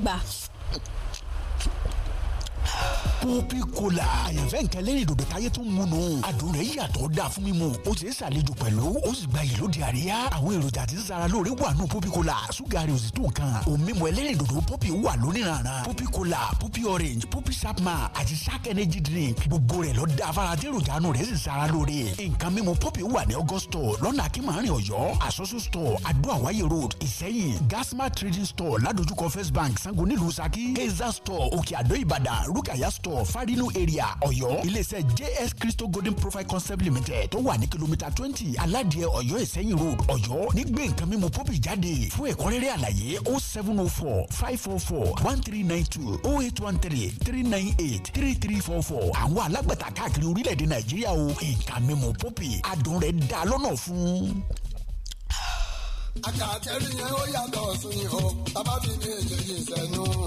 kópì kola àyànfẹ́ nǹkan lẹ́yìn dòdò táyé tó ń mu nù adùn rẹ̀ yàtọ̀ dáa fún mímu ó sì ń ṣàlejò pẹ̀lú ó sì gba yìí lóde àríyá àwọn èròjà tí ń sara lóore wà nù pọ́pì kola ṣúgà rẹ̀ ò sì tó nǹkan òmímu ẹlẹ́rìn dòdò wà lóníranran pọ́pì kola pọ́pì orange pọ́pì sapma àti shark energy drink gbogbo rẹ̀ lọ da afárá tí èròjà nù rẹ̀ sì sara lóore nǹkan mímu pọ́pì wà ní augusto lọ́nà akínmọ́rin ọ̀yọ́ àsọ́sọ́ store adó-àwáyé road ìsẹ́yìn gasma trading store ládojúkọ first bank sango nílùú saki store òkè àdó ìbàdàn rukaya store farinu area ọ̀yọ́ iléeṣẹ́ js crystal golden profile concept limited tó wà ní kìlómítà twenty aládìẹ ọ̀yọ́ ìsẹ́yìn road ọ̀yọ́ nígbè nǹkan mímu pọ́bì jáde fún ẹ̀kúnrẹ́rẹ́ àlàyé o oh seven o oh four five four four one three nine two o oh eight one three three nine eight three three four four àwọn alágbàtà káàkiri orílẹ̀-èdè nàìjíríà o nǹkan mímu pọ́bì adùn rẹ̀ dá lọ́nà fún akàtẹ́rì yẹn ó yàtọ̀ sí i o tábà fi ní èjèèjì sẹ́nu.